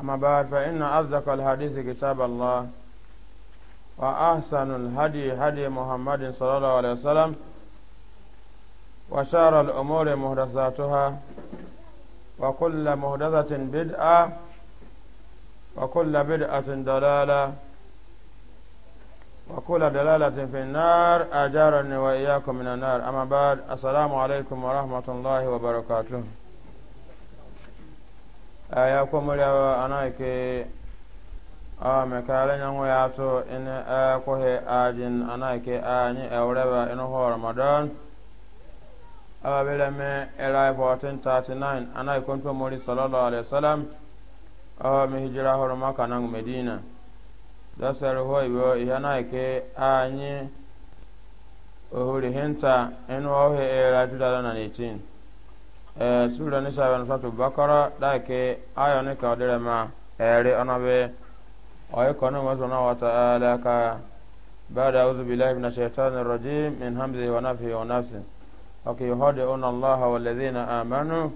أما بعد فإن أصدق الحديث كتاب الله وأحسن الهدي هدي محمد صلى الله عليه وسلم وشار الأمور مهدساتها وكل مهدسة بدعة وكل بدعة دلالة وكل دلالة في النار أجارني وإياكم من النار أما بعد السلام عليكم ورحمة الله وبركاته ya komori awa ana ke a mekala nyango ya to in a kohe ajin ana ke anyi eureba in ho ramadan awa bela me era 1439 ana ikon to mori sallallahu alaihi wasallam awa mi hijira horo maka nan medina da saru ho ibo ihana ke anyi ohuri hinta in ho he era 2018 sura ni sa wan fatu bakara da ke aya ne ka dere ma ere ona be ay kono ma zona wa ta'ala ka بعد أعوذ بالله من الشيطان الرجيم من همزه ونفه ونفسه أوكي يهدئون الله والذين آمنوا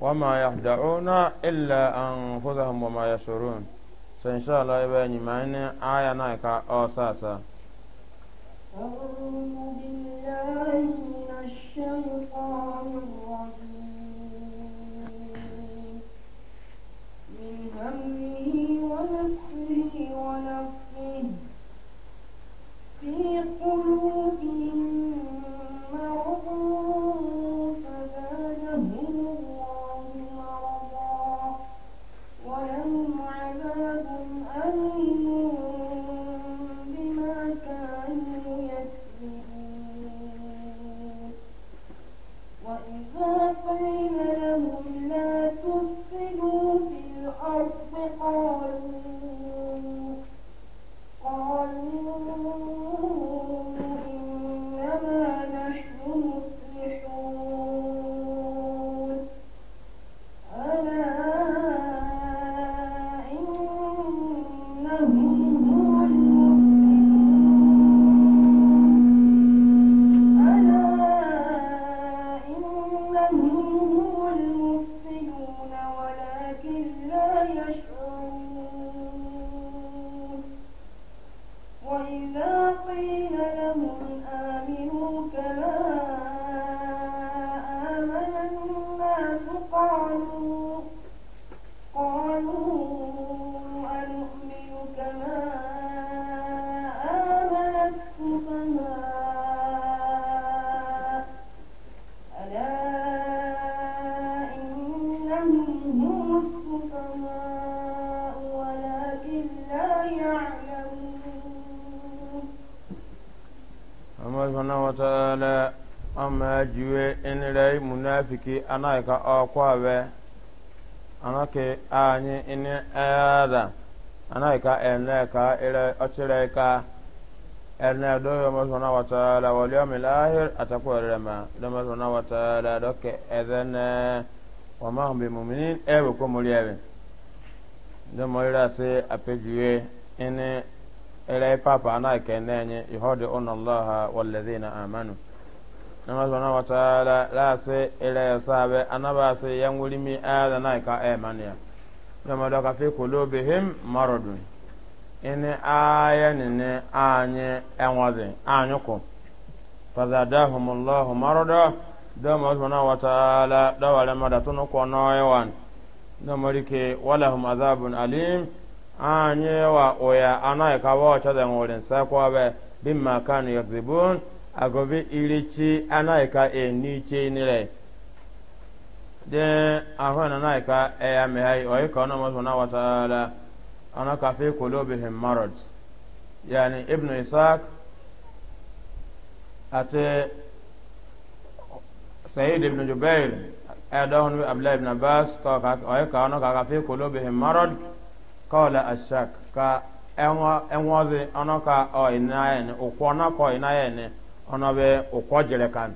وما يهدعون إلا أنفسهم وما يشعرون سإن شاء الله يبين معنا آية نايكا أو ساسا من همه ana ka ọkwa ana ke anyị ini ada ana ka ene ka ire ọchịrị ene doyo mọsọna wataala wali ọmị lahir atakwa rema ido mọsọna wataala dọke ezene wama hàn bi mumini ẹwẹ kọ mọlẹ ẹwẹ ido mọlẹ ase apẹjuwe ire papa ana ka ene nye ihọdi ọnà allaha wàlẹ́dínà amanu nama subhanahu wa ta'ala la se ila ya sabe anaba se yanguli mi ala na ka e eh, mania nama da ka fi qulubihim maradun ene aya ne ne anye enwaze anyuko fazadahum allah marada dama subhanahu wa ta'ala da wala mada tunu ko noywan nama rike walahum azabun alim anye wa oya anai ka wa cha da ngolin sa ko be bimma kanu yakzibun agobe irichi anaika eniche nire de ahwana naika eya mehai oika ona mazuna wa watala ana ka fi qulubihim marad yani ibn isaac ate sayyid ibn jubair adahun abdullah ibn abbas ka ka oika ona ka fi qulubihim marad qala ashak ka enwa enwa ze ona ka o inayen ukwana ko inayen ona be ukojere kan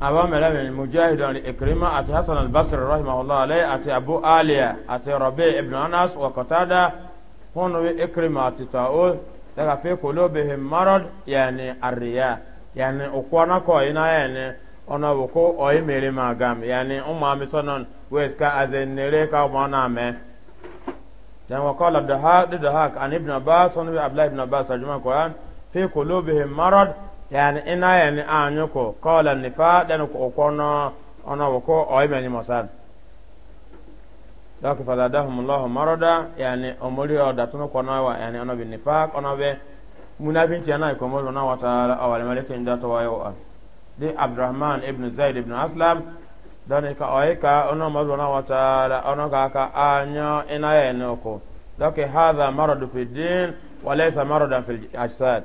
aba mele me mujahid an ikrima ati hasan al basri rahimahullah alayhi ati abu aliya ati rabi ibn anas wa qatada hono be ikrima ati taul daga fe kulubihim marad yani arriya yani ukwana ko ina yani ona bu ko oyi mere ma yani umma mi sonon weska azenere ka mona me dan wa qala dahaq dahaq an ibn abbas wa ibn abbas ajma quran fi qulubihim marad yani ina yani anyuko qala nifa dan ko kono ona ko oybe ni masan dak fadadahum allah marada yani omori o datuno kono wa yani ona bi nifaq ona be munafin jana ko mo na wa taala awal malakin da to wayo an di abdurrahman ibn zaid ibn aslam dan ka oyka ona mo na wa taala ona ka ka anyo ina yani ko dak hadha marad fi din wa laysa maradan fil ajsad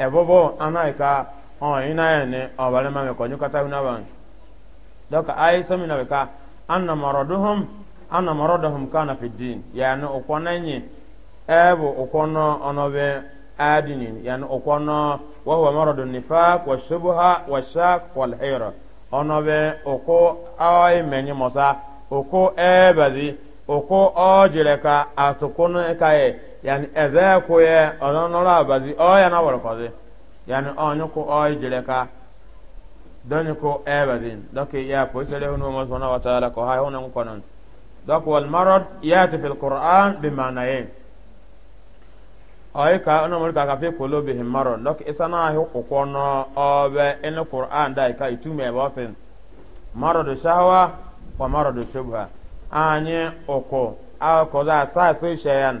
ebobo anaika on ina yene obale mame ko nyukata una ban doka ai so mina beka anna maraduhum anna maraduhum kana fi din yani okonanye ebo okono onobe adinin yani okono wa huwa maradu nifaq wa shubha wa shak wal hayra onobe oko ai menye mosa oko ebadi oko ojireka atukono ekaye yani ebe kwe ono noro abazi o ya na warkozi yani onyu ku o jire ka doni ku ebazin doki ya po sele hunu mo na wa taala ko hay hunu ko non dok wal marad yati fil qur'an bi ma'nayin ay ka ono mo ka ka fi qulubihim marad dok isana hu na ko no obe in qur'an dai ka itume ebe bosin marad shahwa wa marad shubha anye oko akoza sa so sheyan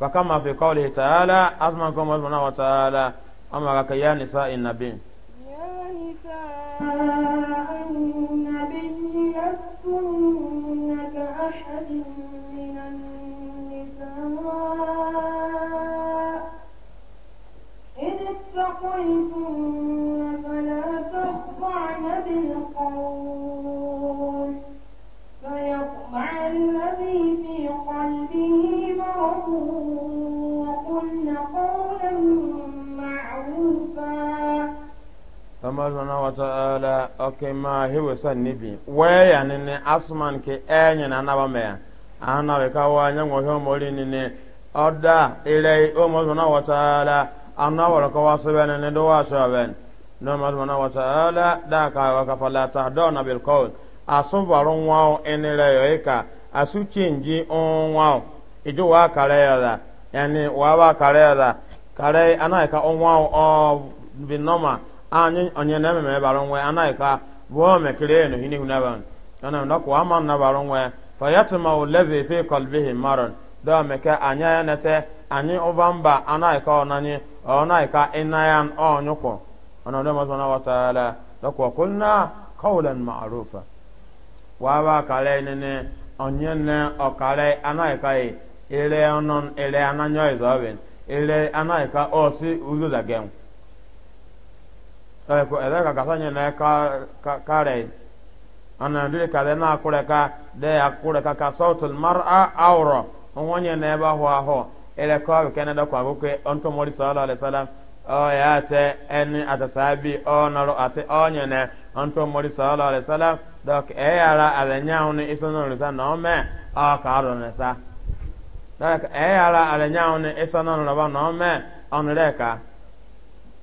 فكما في قوله تعالى أزمن قوم وتعالى تعالى أما نساء النبي ma subhanahu wa ma hewe san nibi ke enye na ana we ka wa nya ngo ri ni oda ile o ma ana wa ka wa sabe ne do wa sabe no ma subhanahu da ka wa ka fala bil qawl enire yo ika asu chinji ijo wa kare ya yani wa wa kare ya kare ana ka o anyị onye na-ememe bara nwe anaghịka bụọ mekere enu hini hunaban ana ndo ko ama na bara nwe fayatma ulevi fi qalbihi maron do meke anya ya nete anyị ụba mba anaghịka ọnanyị ọnaghịka ịna ya ọnyụkwụ ana ndo mazana wa taala do ko kunna qawlan ma'rufa wa ba kale nene onye ne ọkale anaghịka ile ọnọn ile ananyọ izọbin ile anaghịka ọsi uzuzagem ko ede ka gasa nye na ka kare ana ndure ka na kure ka de ya kure ka ka sautul mar'a awro onye na eba ho aho ele ko ke na da ko abuke onto mori sallallahu alaihi wasallam o ya te en atasabi o naro ate onye ne onto mori sallallahu alaihi wasallam dok e yara alenya oni isono risa no me o ka ro ne sa dok e yara alenya oni isono no ba no me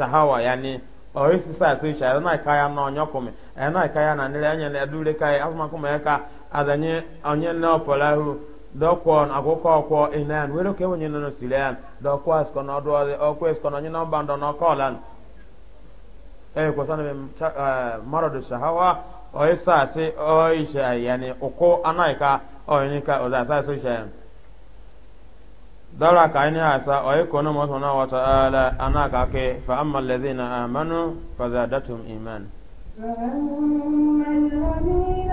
shahawa yani o isi sa sai sha na ka ya na onyo kumi e na ka ya na nile anya na ka ya na opola hu dokwon akwụkwọ ọkwọ inan were ka enwenye dokwa na ọdụ ọdụ ọkwa esko na onye na mba ndọ e na ọkọọla dara ka asa hasa oyi kone masu na wata ala ana ka ke fa amma lazina amanu fa zadatum iman فأما الذين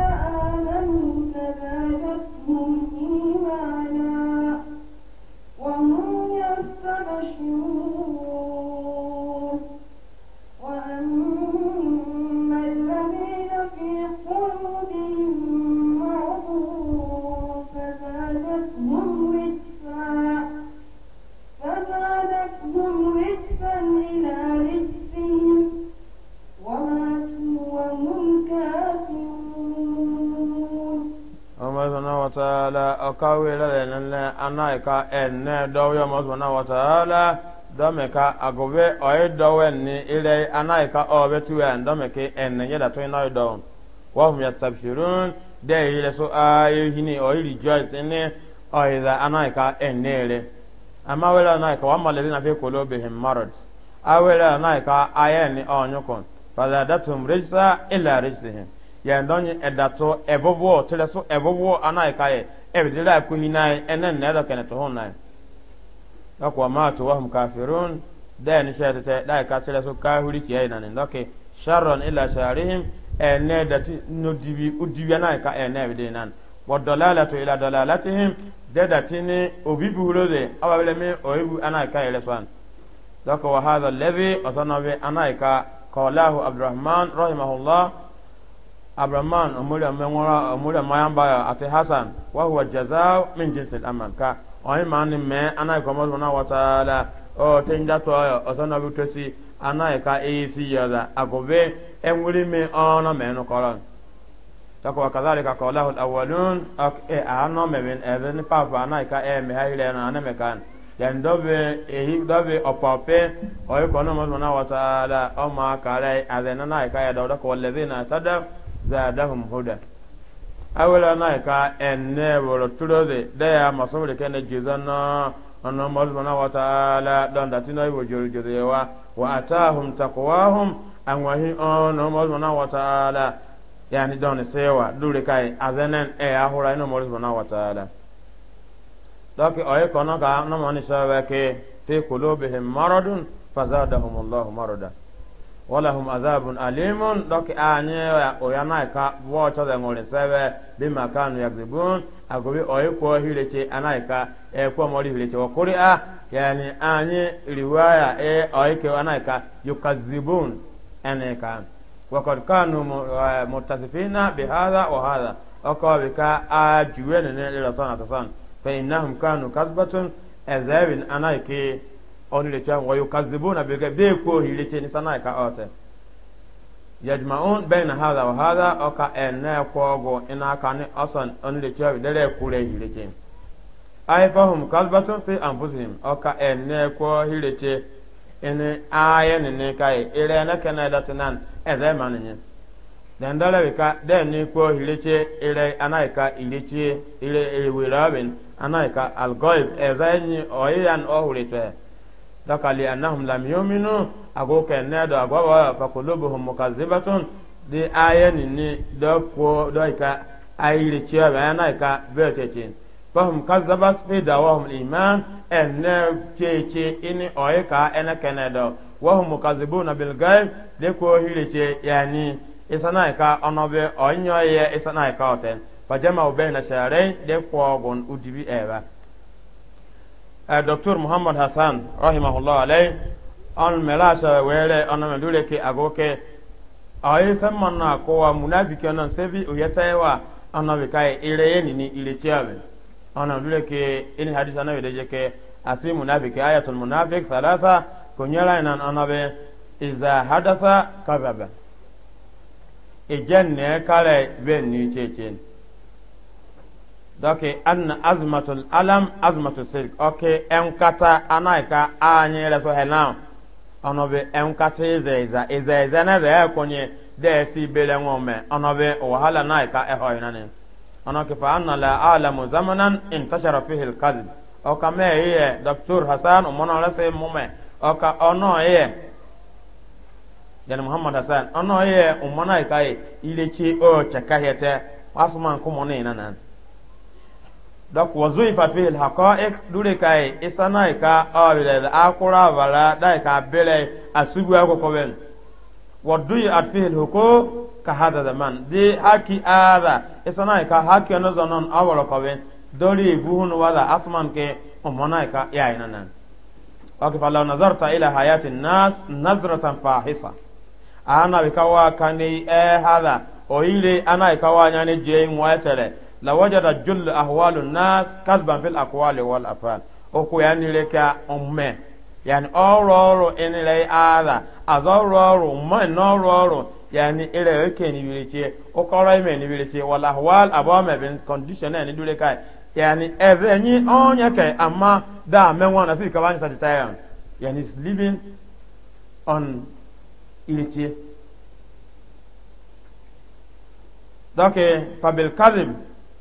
kawe la nene ana ka enne do yo mo subhanahu wa ta'ala do me ka agobe o do wenni ile ana ka o be tu en do me ke enne ye da to ina do wa hum yastabshirun de ile so ayo hini o ili joyce ne o ida ana ka enne le amma wela na ka wa malazina fi qulubihim marad awela na ka ayeni onyukon fala datum rijsa ila rijsihim yandonyi edato ebobo teleso ebobo ana ka ye ebidila ku hinai enen ne do kene to honai akwa ma to wahum kafirun da ni shata ta da ka tele so ka huri ki ayi e nanin doke sharron ila sharihim ene da ti no dibi udibi na ka ene bi nan wa dalalatu ila dalalatihim da da ti ni obi buhuro de awabele mi oyibu ana ka ile e swan doke wa hadha alladhi asanabi ana ka qalahu abdurrahman rahimahullah abraman omulya menwara omulya mayamba ati Hassan, wa huwa min jinsil amal ka ma ni me ana ko na wa taala o tinda to o ọzọ na butosi ana ka esi yala agobe enwuri me ona me no koran tako wa kadhalika qawlahu alawwalun ak e ana me ben even papa ana ka e me hayle na ana me kan den dobe ehi dobe opape oyin ko mo na o ma na ya dawda ko lezina zadahum huda awela na ka enne woro turode de ya masobule kene jizana anna mazmana wa ta'ala don da tino ibo jojode wa wa atahum taqwahum an wa hi anna mazmana wa ta'ala yani don sewa dure kai azanan e ahura ino mazmana wa ta'ala doki oye kono ka no mani sawe ke fi qulubihim maradun fazadahum allah maradan walahum adhabun alimun doki anye oyanaika wocho de ngore sebe bima kanu yakzibun agobi oyiko hileche anaika ekwa mori hileche wakuri a yani anye riwaya e oyike anaika yukazibun anaika wakad kanu e, mutasifina bihadha wa hadha okawabika ajuwene ne lilasana tasan fa innahum kanu kazbatun ezebin anaiki onile cha wa yukazibuna bi gabe ko hile che ni sana ka ote yajma'un na hadha wa hadha oka enna ko go ina ka ni asan onile cha bi dere kure hile che ay fahum kalbatun fi anfusihim oka enna ko hile che ene aya ne ne kai ire na kana da tunan eze maninye dan dala bi ka den ni ko hile che ire anaika ile che ire ire wirabin anaika algoib ezenyi oyan ohurite dɔka li annahum lam yominu ago kɛnɛ dɔ ago wa fakolobohum mukazibatun di aya nini dɔ ko dɔ ika ayiri tiɛ bɛ ana ika bɛɛ tete fahum kazabat fi dawahum iman ɛnɛ tiɛtiɛ ini ɔye ka ɛnɛ kɛnɛ dɔ wahum mukazibuna bilgaib de ko hiri tiɛ yani isana ika ɔnɔ bɛ ɔnyɔ yɛ isana ika ɔtɛ fajama bɛ na sɛrɛ de kɔɔgun udibi ɛɛba. Eh, dr muhammad hasan rahimahullah alayhi on melasa were on medure ke agoke ayi samman na ko wa munafiki on sevi uyataiwa on be kai ireye ni ile tiabe on medure ke in hadisa na bedeje ke asi munafiki ayatul munafik thalatha kunyala inan on be iza hadatha kadhaba ijanne kale ben ni chechen dɔke anna azmatul alam azmatul sirk oke enkata anaika anye reso helam ono be enkata ize iza ya ize ne ze konye de si wahala naika eho inane na ke fa anna la alamu zamanan intashara fihi hasan muhammad hasan dɔk wa zuifat fihi alhaqa'iq dure kai isanai ka awile akura bala dai ka bele asubu ko koben wa duyat fihi alhuquq ka hada zaman di haki ada isanai ka haki ono zonon awolo koben dori buhun wala asman ke umonai ka yaina nan waki fa nazarta ila hayati nas nazratan fahisa ana bikawa kani e hada oile ana ikawa nyane je ngwatere lawajada jul ahwalu nas kasban fil aqwali wal afal oku yani leka umme yani ọrụ ọrụ enire ara azọ ọrụ ọrụ mma na ọrụ ọrụ yani ire oke ni biriche okọrọ ime ni biriche wal ahwal abome bin condition ni dure kai yani eve ni onye kai amma da menwa na sika bani satitayan yani is living on iriche donc fabil kadhib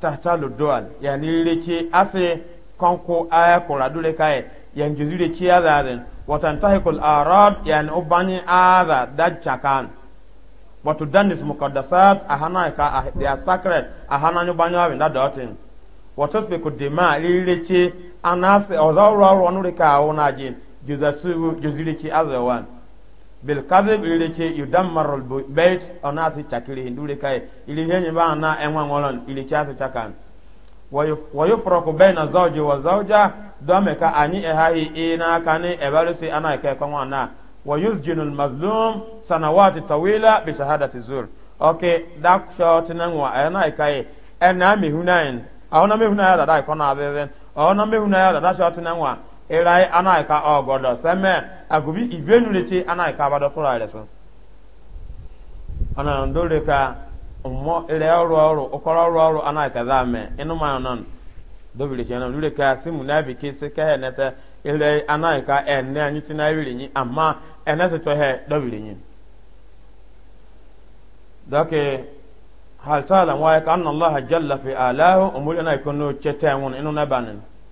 tahtalu dual yani lile ce ase kanko aya kura dule kai yan jizure ce ya zarin watan tahikul arad yani ubani aza dachakan wato watu mukaddasat a hana ka a ah, sacred a hana ni banyo abin da dotin wato su ku dima lile ce anase ozawra wani rika wona jin jizasu jizure ce azawan bil kadhib ile ce yudammar al bait ana si chakiri hindure kai ile yenye ba na enwa ngolon ile cha si chakan wa yufraku baina zawji wa zawja dome ka anyi ehahi ina kani ebalusi ana kai kwa na wa yusjinu al mazlum sanawati tawila bi shahadati zur okay dak shot nan wa ana kai ena mi hunain awona mi hunain da dai kona abezen awona mi hunain da shot nan wa irai ana ka ogodo seme agubi ivenu leche ana ka bado sura ile so ana ka ummo ile oru oru okoro oru oru ana ka za me inu ma non dobile che na ndore ka simu na bi ke ile ana ka anyi na nyi amma enne se to he dobile nyi dake hal ta'lam ka anna allah jalla fi alahu inu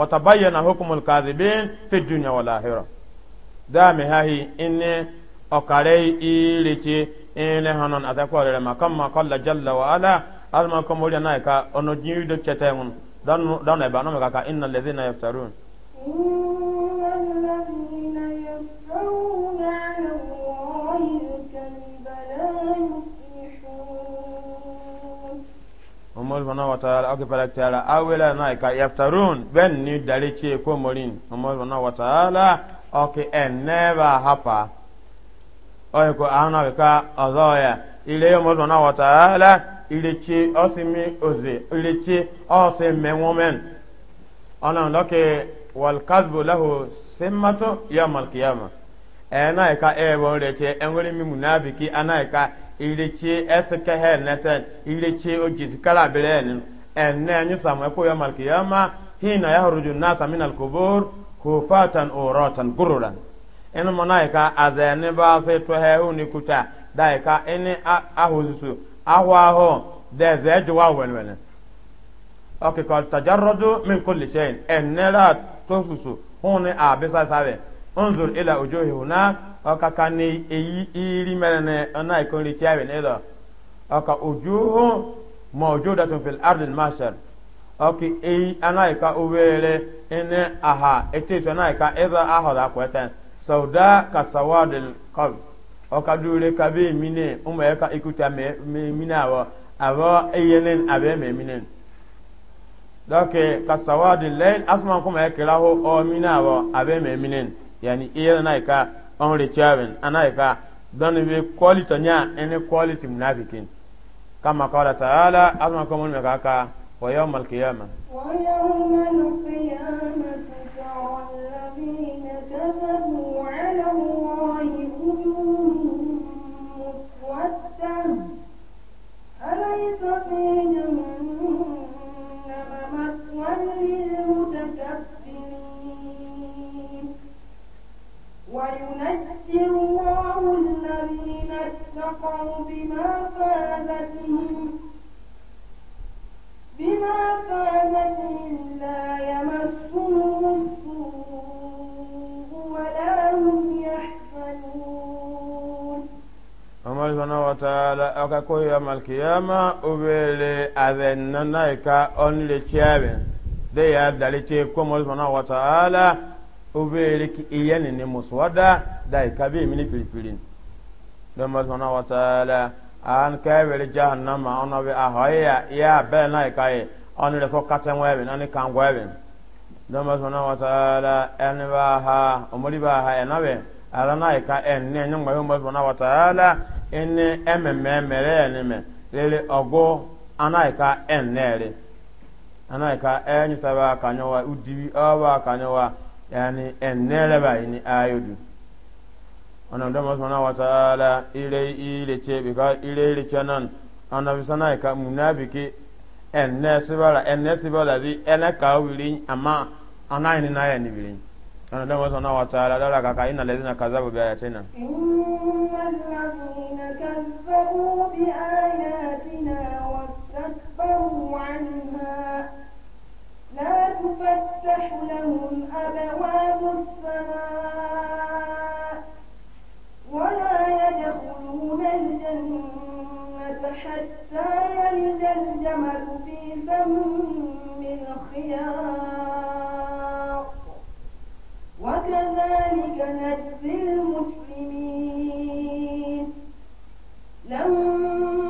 وتبين حكم الكاذبين في الدنيا والآخرة دامي هاي إني أكاري إيلتي إني هنون أتكوال لما كما قال جل وعلا ألما كم ولي نايكا أنو جيو دك شتاهم دانو إبا نمكا كا إن الذين يفترون إن الذين يفترون على الله الكذب لا يفترون umar bana wa ta'ala aka fara ta'ala awela na ka yaftarun ben ni dare ce ko morin umar bana wa ta'ala aka en never hapa oye ko ana ka ya ile umar bana wa ta'ala ile ce osimi oze ile ce ose menwomen ana loke wal kadbu lahu simmatu yawm al qiyamah ana ka e, e won re ce en wuri mi munafiki ana ka ileche esike he neten ene ojisi kala bere enin enne anyu samu epo yom alkiyama hina yahruju nasa min alkubur hufatan uratan gururan ene monaika azene ba se to he uni kuta daika ene ahozusu aho aho deze ejuwa wenwene okay kal tajarradu min kulli shay'in enne la tosusu hune abisa sabe unzur ila ujuhi huna oka kani eyi iri merene ona ikon tiawe nedo oka ujuhu mawjudatun fil ardi al-mahshar oki eyi anaika uwere ene aha ka sawadil qabr oka dure kabe mine umeka ikuta na me minawa abo eyenen abe me minen doke abe yani iya na ka on rechaven ana ka don be quality nya ene quality munafikin kama qala ta'ala amma kuma mun ka ka wa yawmal qiyamah wa yawmal qiyamati tara alladhina kadhabu ala allahi wujuhum muswaddan alaysa fi jahannam maswan وينجي الله الذين اتقوا بما فازتهم بما فازتهم لا يمسهم السوء ولا هم يحزنون أما سبحانه وتعالى أكاكو يوم القيامة أبيلي أذننا إكا أنلي تشابين دي أدالي تشيكم سبحانه وتعالى obeere ki iyani ni muswada dai kabe mini piripirin don ma sona wa taala an kawere jahannama ona be ahoya ya ya, be na kai on le ko katan ebe na ni kan webe don ma sona wa taala en ba ha umuri ba ha en abe ala na ka en ne nyen ma ma sona wa taala en ememe mere ni me lele ogo anaika en nere anaika en saba kanyowa udiwi awa kanyowa yani enere ba ini ayodu ona da masana wa taala ile ile ce bi ka ile ile kenan annabi sana ka munafiki enne sibara enne sibara di ene ka wiri amma ana ni na ya ni wiri ona da masana wa taala da ka ka inna ladina kazabu bi ayatina innal kazzabu bi ayatina wastakbaru anha لا تفتح لهم أبواب السماء ولا يدخلون الجنة حتى يلج الجمل في سم الخياط وكذلك نجزي المسلمين لما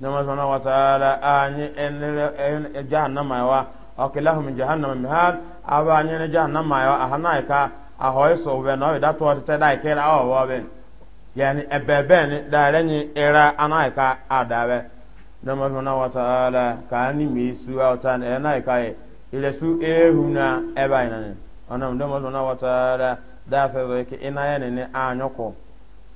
nama sana wa taala anyi en jahannama wa akilahu min jahannama mihal aba anyi ne jahannama wa ahana ka ahoy so be no da to te dai ke la wa be yani ebebe ni da renyi era anaika adawe nama sana wa taala ka ni mi su wa tan enaika e ile su ehuna eba ina ne ona nama sana wa taala da sa ke ina ya ne anyoko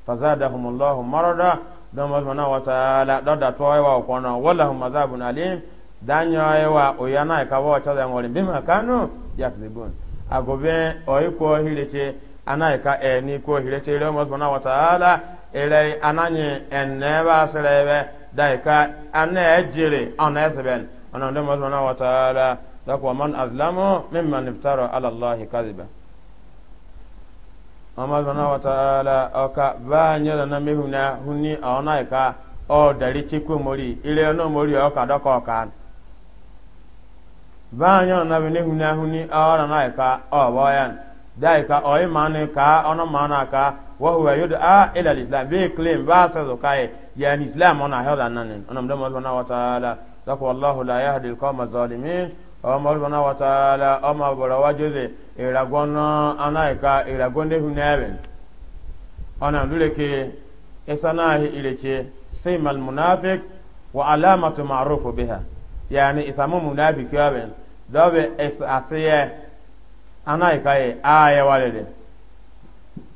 fazadahumullahu marada dɔmɔ sɔnna wataala dɔda tɔɔye wa o kɔnɔ wala hum mazabun alim danyɔye wa o yana ye ka bɔ cɛ zan ŋɔri bima kanu yakzibun a ko bɛ o ye ko hirece ana ye ka ɛ ni ko hirece dɔmɔ sɔnna wataala ere ana nye ɛnɛ ba sere bɛ da ye ka ana ye jere ana ye sɛbɛn ana dɔmɔ sɔnna wataala dɔkɔ man azlamu mimman iftara ala allahi kaziba. amadu na wata ala ọka baa nyere na mehu na huni ọna ọ dari mori ire no mori ọka dọka ọka baa nyere na na huni ọra na ọ bọyan da ika ọ ima ni ka ọna ma na ka e, ya a ila islam bee claim ba'a sa ka ya ya islam na ọmọ ọdún wa taala ọmọ abọrọ wa jose ìragọn náà anáyíká ìragọn dẹhùn nẹẹbẹ ọ̀nà luleke isanahi ileke simal munafik wa alamatu ma'rufu biha yani isamu munafik yaben dobe es asiye anáyíká yi aaye walede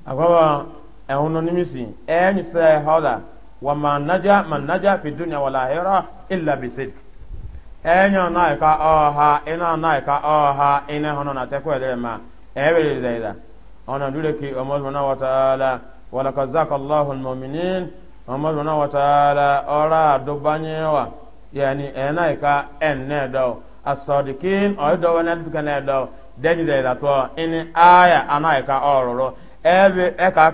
agbaba ẹhun no nimisi ẹni sẹ họda wa ma naja ma naja fi dunya wala enyo naika oha ina naika oha ina hono na tekwe ma ebele zaida ona dule ki omol mana wa taala wa laqad zaka Allahu almu'minin omol mana wa taala ora yani enaika enne do asadikin o do wana dukane do deni zaida to ini aya ororo ebe eka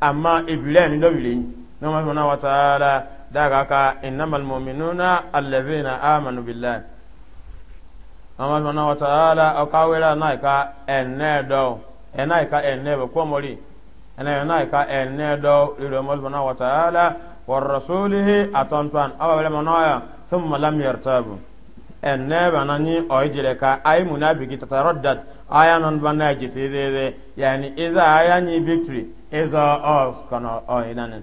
amma do bilin na daga ka innamal mu'minuna allazina amanu billahi amma subhanahu wa ta'ala akawira naika enne do enaika enne be komori enaika enne do lilo mo subhanahu wa ta'ala war rasulihi atontan awale manaya thumma lam yartabu enne banani oyjire ka ay munafiki tataraddat ayanon banaji sidede yani iza ayani victory iza of kana oinanin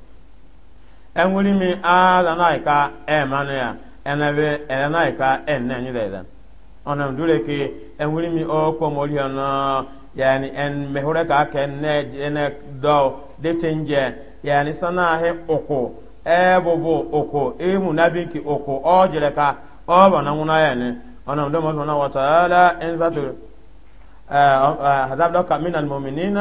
enwuri mi ala na ka e manu ya enebe ele na ka enne nyi da ona ndure ke enwuri mi o ko mori ona yani en mehure ka ke ne ne do de tenje sana e e ki o jere ka o ya ndo mo na wa taala en zatu هذا لك من المؤمنين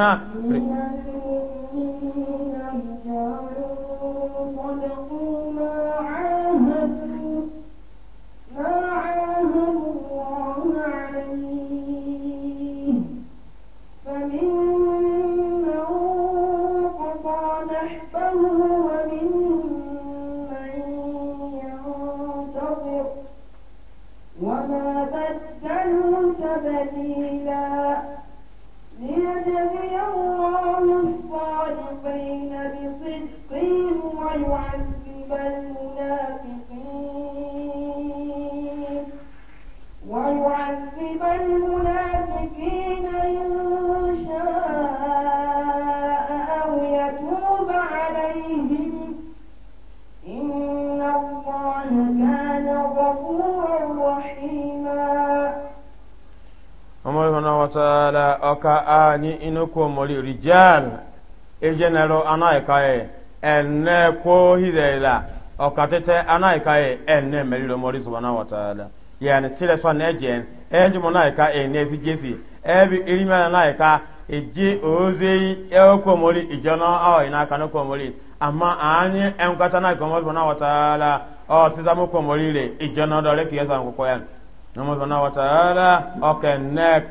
wataala oka anyị inuko mori rijal ejenero anaikaye enne ko hidela okatete anaikaye enne meriro mori subhanahu wataala yani tile so na ejen enji monaika enne fijesi ebi irimana naika eji ozi eko mori ijona awo inaka no ko mori amma anyi enkata naika mori subhanahu wataala o tizamu ko mori re ijona dole kiyesa ngokoyan Nama subhanahu wa ta'ala, okay, next.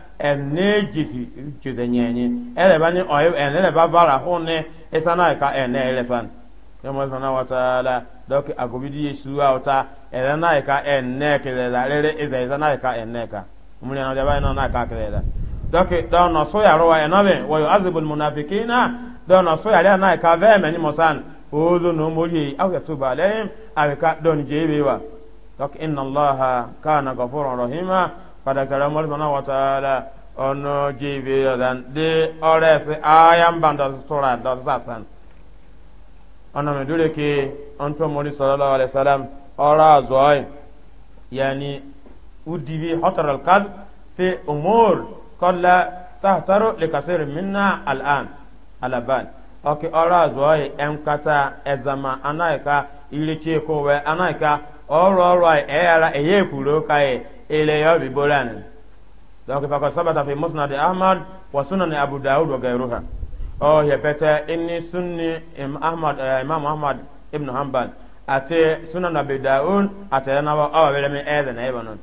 enejisi chuze nyenye eleba ni oyi eleba bara hunne esana ka ene elefan yamma sana wa taala dok agobidi yesu auta elana ka ene kelela lele eza esana ka ene ka muli na jaba ina na ka kelela dok don no so ya rowa enabe wa yu'azibul munafiqina don no so ya le na ka ve meni mosan ozo no mori aw ka alaihim awika don jebewa dok inna allah kana ghafurur rahima fadakara mɔri sɔnna wataala ɔnɔ jiibi yɔdan de ɔrɛsi ayan ban dɔ tora dɔ sasan ɔnɔ mi dure ke ɔntɔ mɔri wale salam ɔrɔ azɔɛ yani udibi hɔtɔrɔ kad fi umur kɔla tahtaro likasiri minna al'an alaban ɔki ɔrɔ azɔɛ ɛnkata ɛzama anayika ilikye kowɛ anayika ɔrɔ ɔrɔ ɛyara ɛyɛ kuro kaye. إليه ببولان ذلك فقد ثبت في مسند أحمد وسنن أبو داود وغيرها أو يبتا إني سني إم أحمد إمام أحمد ابن حنبل أتي سنن أبي داود أتي أنا أو بلمي أذن أيضا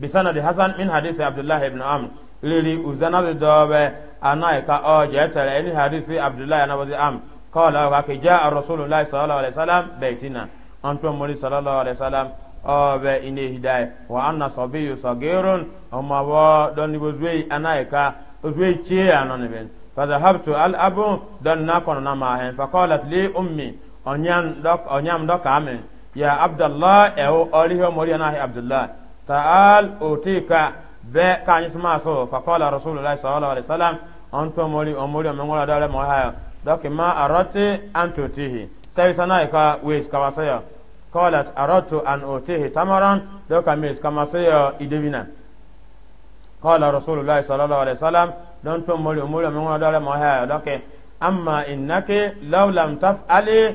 بسند حسن من حديث عبد الله بن عمرو lili uzana de dobe ana ka o je tare ni hadisi abdullah ana wazi am qala wa ka ja rasulullah sallallahu alaihi wasallam baitina antum muri sallallahu alaihi wasallam ọbẹ ine hidai wa anna sabiyu sagirun ọmọ bọ dọni bó zuwe anaika zuwe chie ano ni bin fadahabtu al abu don na kono na ma hen fakolat li ummi onyan dok onyam dok amen ya abdullah ewo oriho mori anahi abdullah ta'al utika be kanyi suma so fakola rasulullah sallallahu alaihi wasallam onto mori omori omengola dole mo hayo dok ma arati antutihi sai sanaika wis kawasayo قالت أردت أن أوتيه تمرا لو كميس كما سيا إدبنا قال رسول الله صلى الله عليه وسلم دون تمولي أمولي من دولة مهاية لك أما إنك لو لم تفعلي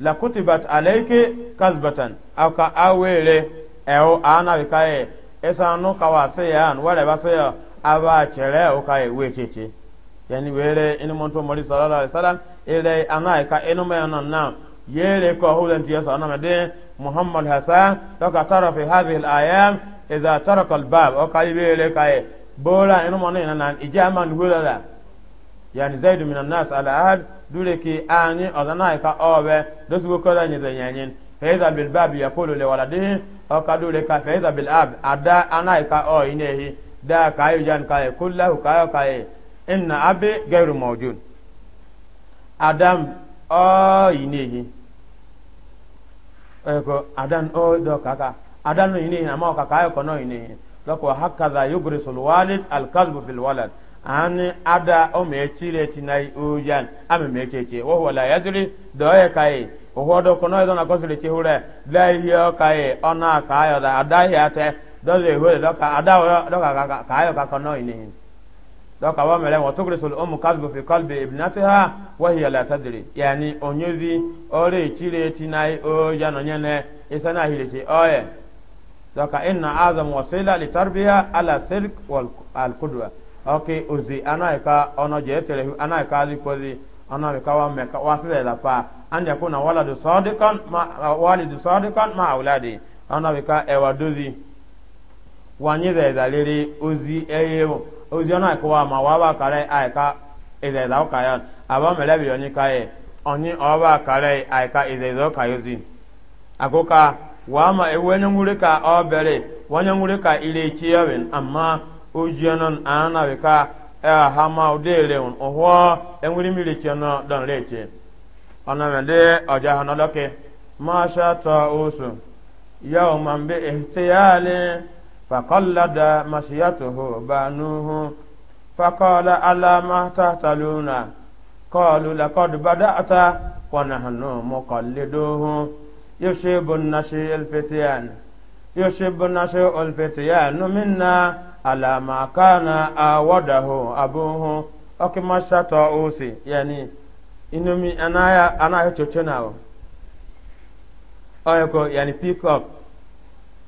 لكتبت عليك كذبة أو كأويلي أو أنا بكاي إسانو كواسيان ولا بسيا أبا تشري أو كاي ويتشي يعني ويلي إن من تمولي صلى الله عليه وسلم إلي أنا كأنو ما ينام yele ko hulan tiya sa na de muhammad hasan to ka tara fi hadhihi al ayam idha taraka al bab o kali bele kai bola eno mo na nan ijaman hulala yani zaidu minan nas ala ahad dule ki ani odana ka obe dosu ko la nyi zanyanyin فإذا بالباب يقول لولده أو قالوا لك فإذا بالأب أدا أنا كا أو إنه دا كايو جان كاي كله كايو كاي إن أبي غير موجود أدم ọyị na-ehi eko adan o do kaka adan ni ni ama o kaka ayoko no ni loko hakaza yugrisul walid al kalbu fil walad an ada o me chire tinai ujan ame me keke wo wala yadri do e kai wo do kono do na kosule ti hure la yo kai ona ka ayo da ada ya te do le hure do ka ada do ka ka ayo ka kono ni donc awa mele wa tukrisul ummu kalbu fi kalbi ibnatiha wa hiya la tadri yani onyozi ore chire tinai o jano nyene isana hiliki oye donc inna azam wasila li tarbiya ala sirk wal al qudwa okay ozi anaika ono je tere anaika ali kozi ana ka wa meka wasile la pa an yakuna waladu sadiqan ma walidu sadiqan ma auladi ana ka ewadozi wanyize zaliri ozi eyewo ozi ọnụ akụwa ma wa ba kare aika izaiza ụka ya aba melebi onye ka ye onye ọba kare aika izaiza ụka ya ozi akụka wa ma ewu onye nwuri ka ọ bere onye nwuri ka ile echi ya bin ama ozi ọnụ anabi ka e ha ma udere ụhụọ enwere mmiri chi ọnụ don reche ọnọmọdé ọjà ọnọdọkẹ máa ṣàtọ oṣù yawman bi ihtiyali e فقلد مشيته بانوه فقال ألا ما تهتلون قالوا لقد بدأت ونحن مقلدوه يشيب النشيء الفتيان يشيب النشيء الفتيان منا على ما كان أوده أبوه أكما شطعوسي يعني إنمي أنا أنا هتشناو أيكو يعني pick up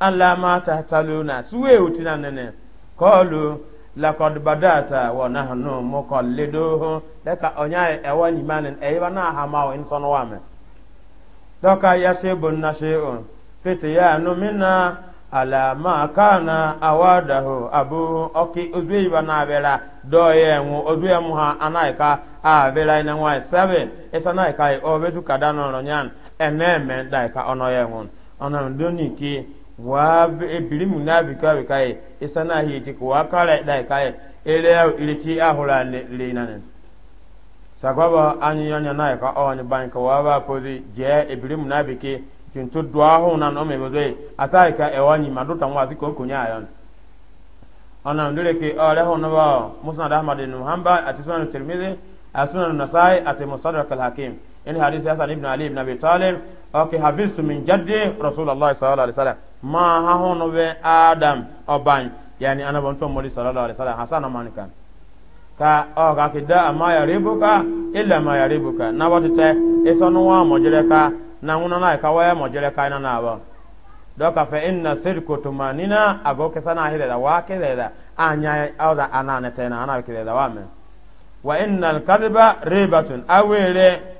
ala alama tahtaluna suwe utina nene kọlu lakọd badata wa nahnu muqalliduhu daka onya ewa nyimanen ewa na hama wa inson wame doka yasibu nashi'un fitiyanu minna ala ma kana awadahu abu oki ozwe iba na abela doye enwu ozwe mu ha anaika abela ina nwa seven esa naika obedu kadano ronyan eneme daika ono yenwu ono ndoni ki wa ebiri e mu na bi ka bi kai isana e hi ti ko akara da kai e ele ile ti ahura le nan sagaba an yanya na ka o ni banka wa ba pozi je ebiri mu na bi ke tin to do ahu na no me boze atai ka e wani maduta wa ziko ko nya ayon ana ndure ke ala no ba musnad ahmad ibn hanba ati sunan tirmidhi asunan nasai ati musadrak al hakim in hadith hasan ibn ali ibn abi talib ok habistu min jaddi rasulullah sallallahu alaihi wasallam ma ha hono be adam oban yani ana bon to moli sallallahu alaihi wasallam hasana manika ka o ka kida ma ya ribuka illa ma ya ribuka na watite esonu wa mojere ka na nguna na ka wa mojere ka na na ba doka fa inna sirku tumanina agoke sana hire da wa kire da anya awda anane tena ana kire da wa men wa innal kadhiba ribatun awere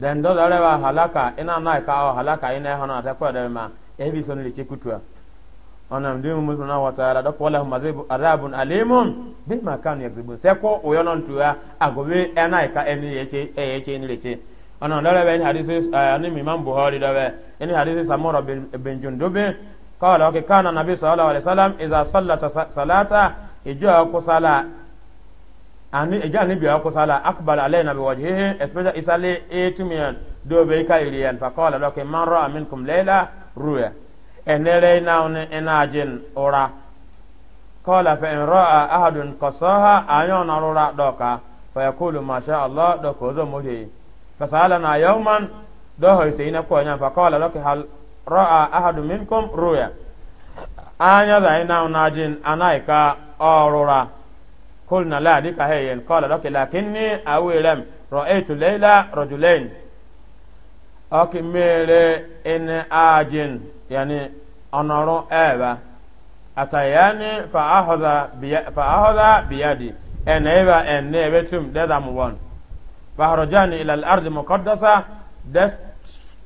den do da rewa halaka ina na ka o halaka ina e hono ta ko da ma e bi sonu le chekutwa ona ndi mu musuna wa taala da qala hum azabun alimun bima kanu yakzibun se ko o yonon tuwa agobe ina ka eni yeke e yeke ni e e leke ona da rewa ni hadisi eh, ani mi imam buhari da ini hadisi samura bin jundube qala wa kana nabi sallallahu alaihi wasallam idza sallata salata ijaa kusala ani eja ni biya kusala akbal alayna bi wajhihi especially isale etumian do be ka iriyan fa qala lakum man ra'a minkum layla ruya enere naun enajin ora qala fa in ra'a ahadun qasaha ayona rura doka fa yaqulu ma sha Allah do ko zo muri fa salana yawman do hoyseina ko nya fa qala lakum hal ra'a ahadun minkum ruya anya da ina unajin anaika orura قلنا لا ديك هي قال لك لكني أولم رأيت ليلى رجلين أكمل إن آجن يعني أنرو أبا أتياني فأخذ بي فأخذ بيدي أن أبا أن نبتم دذا مبان فهرجاني إلى الأرض المقدسة دس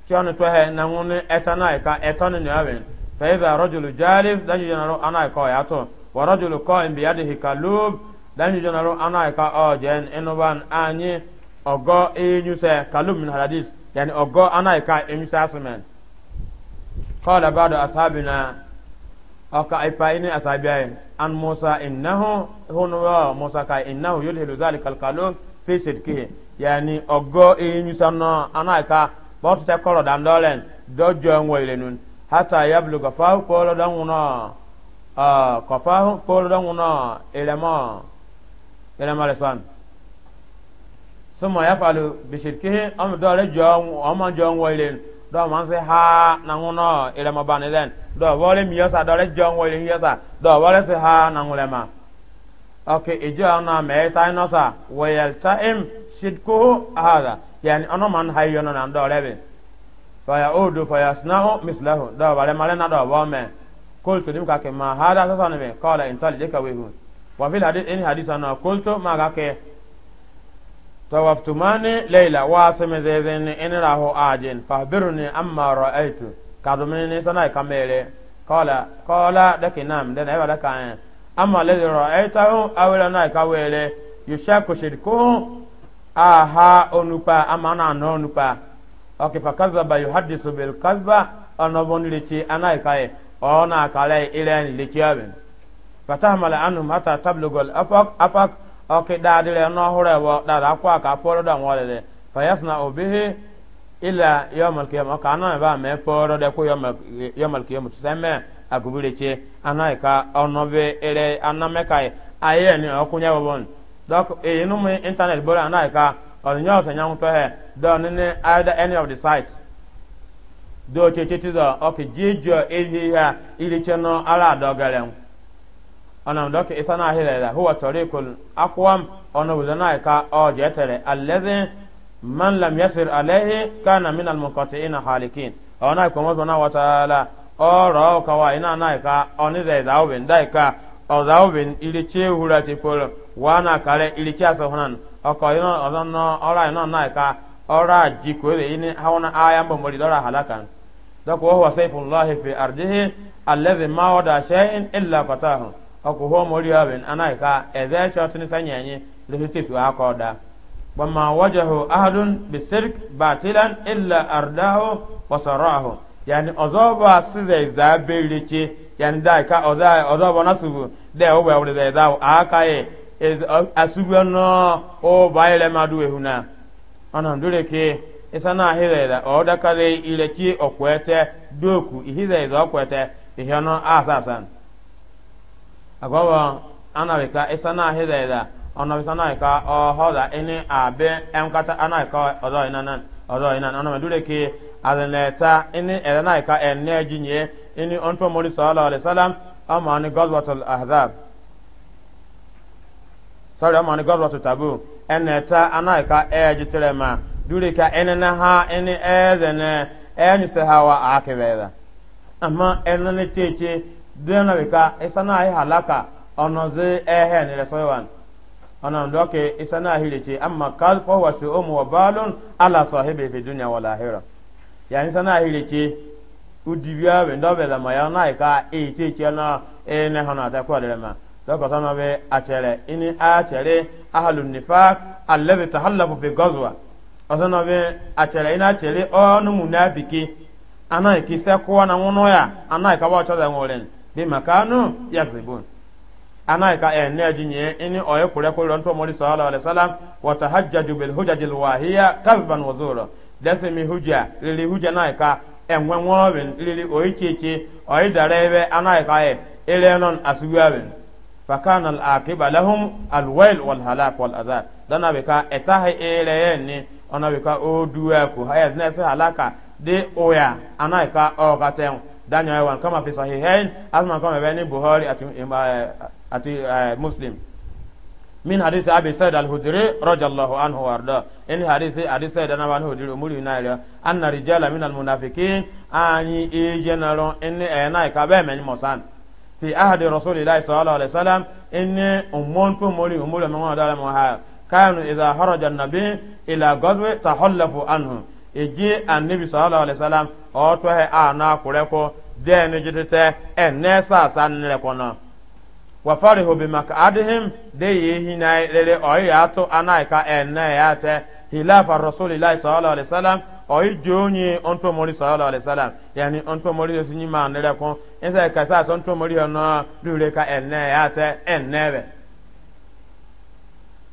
شان توه نمون أتناي كا أتني نعمين فإذا رجل جالس دنجي جنرو أنا كاياتو ورجل قائم بيده كلوب dani jonaro ana ka o oh, jen enoban anyi ogo enyu se kalum min hadis yani ogo ana ka enyu se asumen qala ba'du ashabina aka aipaini asabiyin an musa innahu hunwa musa ka innahu yulhilu zalika alqalum fi sidkihi yani ogo enyu sanno ana ka botu te koro dan dolen dojo nwele nun hata yabluga fa ko lo dan wona ah uh, ko fa ko kẹlẹ ma lẹ fan sọmọ ya falo bisirkihi ọmọ dọ lẹ jọ ọmọ jọ ń wọlé dọ ma se ha na ŋun nọ ilẹmọ bani lẹn dọ wọlé mi yọsa dọ lẹ jọ ń wọlé yọsa dọ wọlé se ha na ŋun lẹ ma ok ìjọ náà mẹ ta iná sa wọyẹl ta im sitkuhu ahada yẹni ọ̀nà ma ń ha iyọ náà dọ lẹ bi fàyà òdu fàyà sinahu misilahu dọ wọlé malẹ na dọ wọ mẹ kóòtù ní kakẹ ma ha dá sọsọ ni mi kọ́ ọ la وفي الحديث إن حديث أنا قلت ما غاك توفتماني ليلة واسم زيزين إن راه آجين فأخبرني أما رأيت كادو من نسانا كميلي قال قال لك نعم دين أبا لك أما الذي رأيته أولا نايكا ويلي يشاك شركه آها أنوبا أما أنا أنوبا أوكي فكذب يحدث بالكذبة أنا بني لتي أنا كاي أنا كالي إلين لتي أبن fatahmala anhum hata tablugol afak afak oke daadire no hure wo daada akwa ka poro da ngolele fayasna obihi ila yawm alqiyam ana ba me poro de ko yawm yawm alqiyam tseme agubireche ana ka onobe ere aname kai aye ni okunya won dok e no me internet bora ana ka onyo se nyangu to he do ni either any of the sites do che che ha ile che ala ana ndoke isana hilela huwa tariqul aqwam ona wuzana ka o jetere allazi man lam yasir alayhi kana min al munqati'ina halikin ona ko mo zona wa taala o ro ka wa ina na ka oni ze da ubin dai ka o da ubin ili che hura te pol wa na kale ili cha so hanan o ko ina ona ora ina na ka ora ji ko re ini hauna aya mbo mo dora halakan dako huwa sayfullahi fi ardihi allazi ma wada shay'in illa fatahu ọkụ hụ mori ọbịn anaghị ka eze eche ọtụnụ sanya anyị lụsịtịfụ aka ọda wama wajahu ahadun bisirk batilan illa ahụ, ya yani ọzọ bụ asịze za beriche yani da ka ọzọ bụ nasubu dee ụgbọ ewuri da ịza aka ya asubu ọnụ ụgbọ ayere mmadụ ehu na ọnụ ndụrụ ke isa na ahịrịla ọ dakarị irechi ọkwete doku ihize ịza ọkwete ihe ọnụ asa asan agwawa anabika isana hidaida onabisa naika ohoda ini abe emkata anaika odo inanan odo inan onama dure ki adaneta ini edanaika enne jinye ini onto mori sallallahu alaihi wasallam ama ni gazwatul ahzab sorry ama ni gazwatul tabu eneta anaika ejitirema dure ka na ha e ama dena bika isana hi halaka ono ehe ni resoyan ono ndoke isana hi leche amma kal fa huwa shu'um wa balun ala sahibi fi dunya wal ya isana hi leche udibia be ndobe la na ka e che che na e ne hana ta kwa ma be achere ini achere ahlun nifaq allazi tahallafu fi ghazwa be achere ina achere onu munafiki ana ikise kwa na ana da ngolen bi makanu yakzibun ana ka e ne jinye ini oye kure ko ron to mori sallallahu alaihi wasallam wa tahajjaju bil hujajil wahiya kadhban wa zura dase mi hujja lili hujja na ka enwe nwoben lili oyi cheche oyi darebe ana ka e ile non asuwaben fakana al akiba lahum al wail wal halak wal azab dana be ka etahe ile ni ona be ka oduwa ko hayaz na se halaka de oya ana ka daniel wan kama fi sahihain asma kama bani buhari ati uh, ati uh, muslim min hadisi abi sa'id al-hudri allahu anhu warda in hadisi abi sa'id an abi hudri umuri naira anna rijala min al-munafiqin ani ejenaron in ena eh, ka be men mosan fi ahdi rasulillahi sallallahu alaihi wasallam in ummuntu muri umuri ma dala mo ha kanu idha haraja an-nabi ila ghadwi tahallafu anhu eji annabi sallallahu alaihi wasallam o to he ana kure de ne jitete enne sa san ne ko na wa farihu bi maq'adihim de yehi na lele ya to ana ka te hilafa rasulillahi sallallahu alaihi wasallam o ijo onto mori sallallahu alaihi wasallam yani onto mori ma ko ensa ka sa onto mori dure ka ya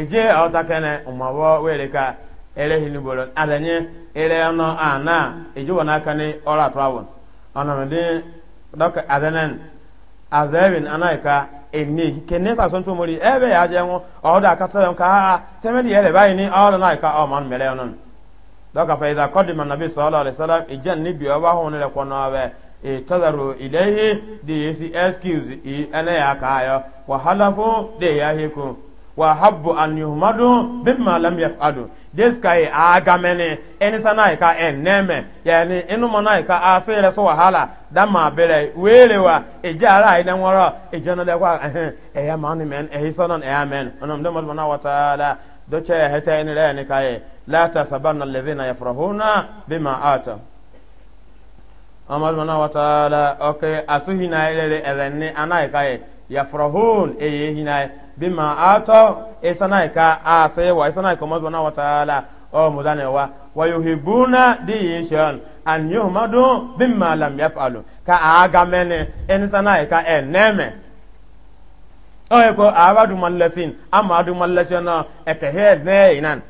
eje ọta kene ụmụabọ were ka erehi n'ugboro adanye ere ọnụ a na ejiwa n'aka ni ọrụ atụ awụ ọnọdụ dọka adenen azabin anaika enne kene sa son tumori ebe ya je nwo aka katara ka ha semedi ere bayi ni ọrụ naika ọ man mere ọnụ dọka fa iza qadima nabi sallallahu alaihi wasallam ijan ni bi ọba hon le kono be e tazaru ilayhi de yesi excuse i ana ya ka yo wa fụ de ya hiku wa habbu an yuhmadu bimma lam yaf'adu des kai agamene eni sana ka eneme yani inu mona ka asere so wahala dama bere were wa ejara ina nworo ejana de kwa eh eh mani men eh sonon eh amen onam de mona wa taala do che heta eni re ni kai la tasabanna alladhina yafrahuna bima ata amadu mona wa taala okay asuhina ile ele ene anai kai yafrahun eh hina bima ato isana ka ase wa isana ka wa taala o mudane wa wa yuhibuna diyishan an yuhmadu bima lam yafalu ka agamene insana ka eneme o ko abadu mallasin amma adu mallashana ekehe ne inan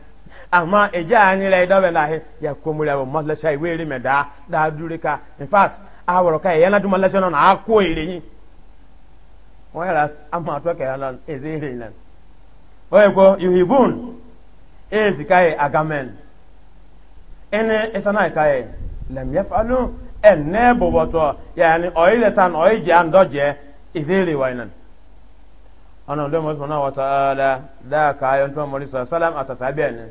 amma eja anyi le dobe na he ya komura wo mallasha iwe ri meda da durika in fact aworo ka yana du mallashana na akwo ire yin whereas ama atọ kẹrẹ lan eze ere lan oye ko yuhibun ezi kaye agamen ene esana kaye lem yafalu ene boboto yani oyile tan oyije andoje eze ere wainan ana ndo mo subhanahu wa ta'ala da ka yon to mo sallam atasabiyan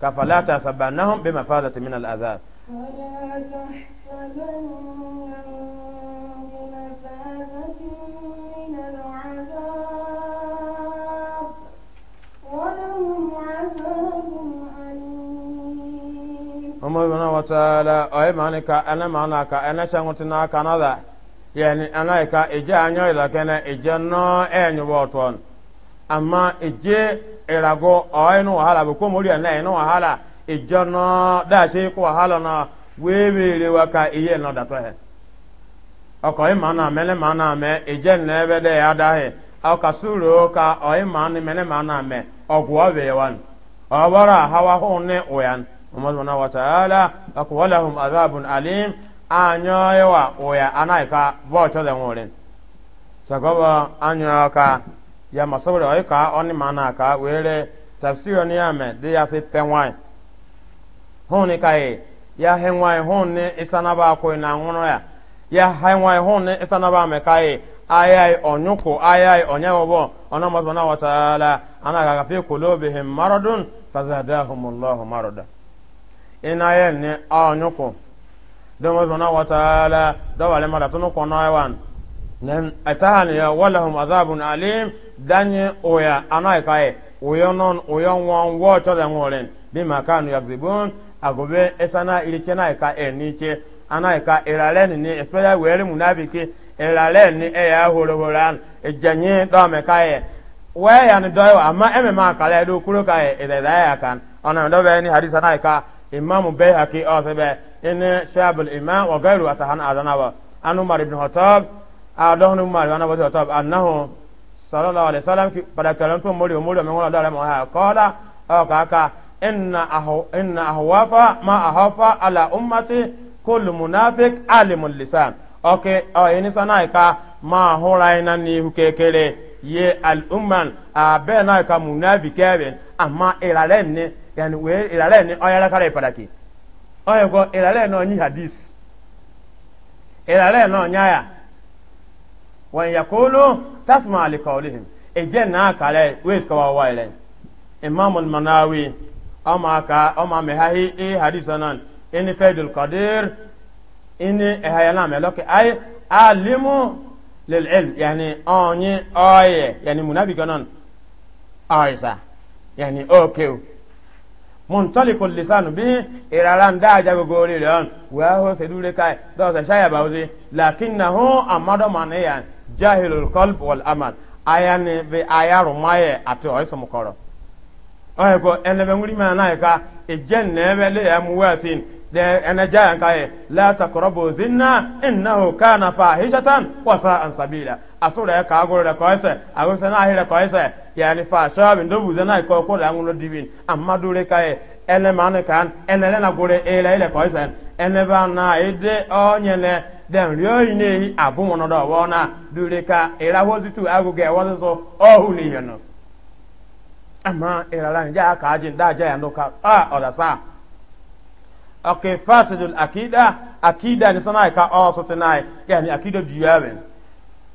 kafala tasabbanahum bima fadati min al-azab ولا Umar bin Wata'ala oyi mani ka ene mana ka ene shanguti na Canada ka ije anyo ila kene ije no enyu boton ama ije irago wahala wahala ije no da se wahala na webere wa ka na na ọgwụwa beewan ọbara hawa hunne uyan na wataala azabun alim ya masawara oika oni mana ka were tafsiro ni ame dị ya se penwai hunni kai ya henwai hunni isanaba ko na nworo ya ya henwai hunni isanaba me ayai onyuku ayai onyawobo ona mazana wa taala ana ga fi kulubihim maradun fazadahumullahu marada ina yen ni onyuku do mazana wa taala do wale mara tunu ya walahum azabun alim danye oya ana kai uyonon uyon won wo to da ngolen ìrànlẹ́ ní ẹ̀yà ahorohoro àn ìjẹ̀yìn dọ́ọ̀mẹ̀ káyẹ̀ wẹ́ẹ̀ yà ni dọ́yọ̀ àmọ́ ẹ̀mẹ̀ máa kàlẹ́ ẹ̀dọ́ kúrò káyẹ̀ ìdẹ̀dẹ̀ ẹ̀yà kan ọ̀nà ìdọ́bẹ̀ ní hadisa náà ká ìmáàmù bẹ́ẹ̀ àkí ọ̀sẹ̀ bẹ́ẹ̀ ẹni ṣẹ́bùl ìmáà ọ̀gẹ́rù àtàhánà àdánáwọ̀ anu mari ibn hotob adọ́hún mari wọn abọ́sí hotob anahu sallallahu alayhi ki pàdàkìtàlẹ́ tó mórí omórí omi wọn lọ́dọ̀ mọ́ oke ọ enisana ka ma anyị na n'ihu kekere ye al'umman abe na ka munafi kevin amma iraren ne yani we iraren ne oyara kare padaki oye ko iraren no nyi hadis iraren no nyaya wan yakulu tasma li qawlihim eje na kare we ska wa waile imam al manawi aka ka ama mehahi e hadisanan in faidul qadir ini ehayana meloke ay alimu lil ilm yani onye oye yani munabi ganon aisa yani okay muntaliqul lisanu bi iraran da jago gori leon wa ho sedure kai do sa shaya bawzi lakinnahu amado maniyan jahilul qalb wal amal ayani bi ayaru maye ati oiso mukoro oye ko enebe nguri mana ka ejen nebe le ya muwasin de eneja kai la taqrabu zinna innahu kana fahishatan wa sa'an sabila asura ya ka agoro da koise agoro sana ahira koise yani fa shabi ndo buza na ko ko la ngulo divin amma dure kai ene mane kan ene na gore ele ele koise ene ba na ide onyele den rioyi ne abu mono wona dure ka era wozitu aguge wozo ohu ni yono amma era la nja ka ajin da ja ya ndo ah odasa okay fasidul akida akida ni sanai ka o oh, so tinai yani akida biyaben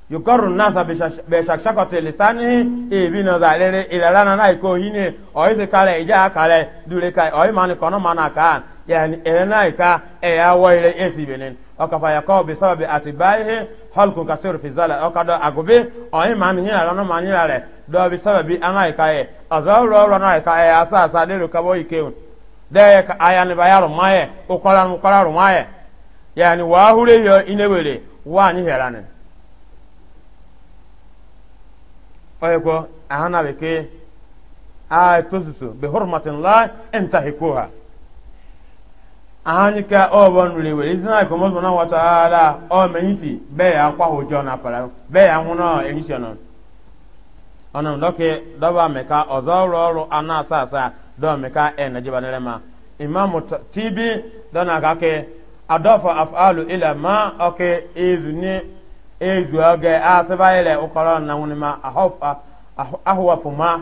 yukaru nasa be shakshako te lisani e bi no zalere ilalana na iko hine o ise kale ija kale dure kai o imani kono mana ka yani elena ika e ya waire esi benin o ka faya ko bi sababi atibaihi halku kasir fi zala o ka do agobe o imani hina lana manira re do bi sababi anai kai azawro ro na ika e asa asa de ro ka bo ikeun dɛɛ ka aya ne ba ya ruma ah, o kɔla mu kɔla ruma yɛ yaani waa hure yɔ ine wele waa ni hɛra ne ɔye ko a hana bɛ ke a to susu bɛ ha a hani ka ɔ bɔ nuli wele ko ɔ mɛ yi si bɛɛ kɔ na bɛɛ ŋunɔ emisiyɔn na mɛ ka ɔzɔ rɔrɔ ana don mi ka en najiba ne ma imam tibi don aka ke adofa afalu ila ma oke izni ezu oge asiba ile ukoro na wuni ma ahofa ahuwa fuma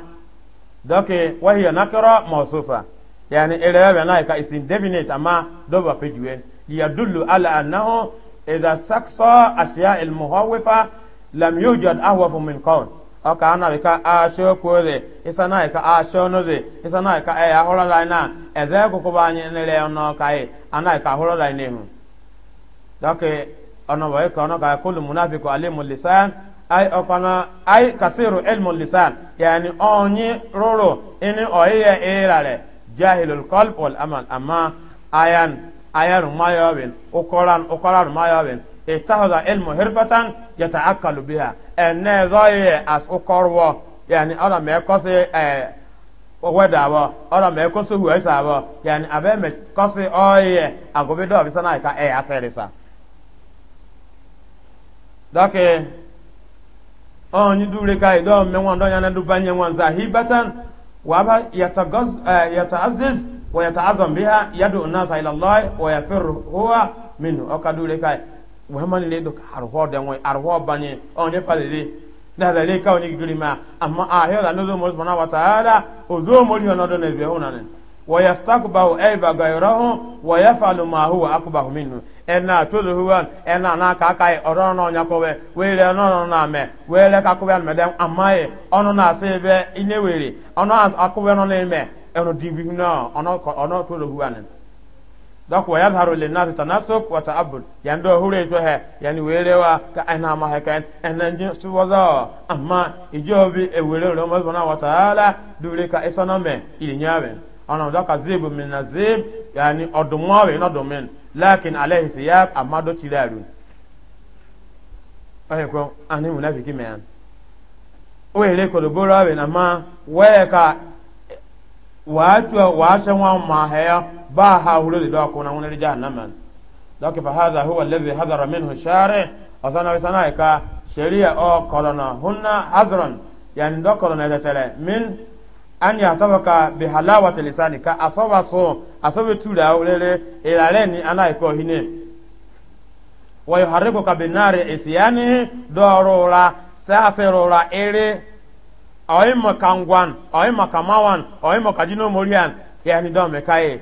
doke wahiya nakira mausufa yani ile yabe na ka isin definite ama doba pejuwe yadullu ala annahu idha saksa ashiya al muhawwifa lam yujad ahwafu min qawl ọka ana ka asho kwole isa na ka asho noze isa na ka eya horo lai na eze kuku ba anyi nile ono ka e ana ka horo lai nehu doke ono wa ka ono ka kullu munafiqu alimu lisan ay okana ay kasiru ilmu lisan yani onyi roro ini oyiye irare jahilul qalb wal amal amma ayan ayar mayobin ukoran ukoran mayobin ittakhadha ilmu hirfatan yata'akkalu biha enne zoye as ukorwo yani ona me kosi eh weda bo ona me kosi huesa bo yani abe me kosi oye agobe do bi sana ka e aserisa dake onyi dure kai do me won do yana du banye won biha yad'u wamani le do arho de ngoy arho banye onye palele da da le ka onye giduri ma amma ahyo da no do mo subhanahu wa ta'ala o zo mo do ne be wa wa yafalu ma huwa minhu enna to do huwa enna na ka kai oro no nya ko we we no no na me we le ka ko be me dem amma ono na se be ono no me dibi ono ono to do huwa ne ya donc wa yadharu linnasi tanasub wa ta'abbul ya do hure to he yani werewa ka ana ma he kan ana nji suwaza amma ijobi e were ro mo bona wa taala dure ka isana e me ilinyawe ana da ka zibu min nazib yani odumwawe na domen lakin alayhi siyab amma do tilaru ahe ko ani munafiki me an o ere ko do borawe na ma we ka watu wa shanwa ma he ba ha hulo de do ko na wonere jahannama donc fa hadha huwa alladhi hadara minhu shari' asana wisana ka sharia o kolona hunna hazran yani do kolona de tele min an ya tabaka bi halawati lisani ka asaba so asaba tura ulele ilale ni ana ko hine wa yuharrikuka bin nari isyani dorura sasirura ere oimo kangwan oimo kamawan oimo kajino morian yani do mekaye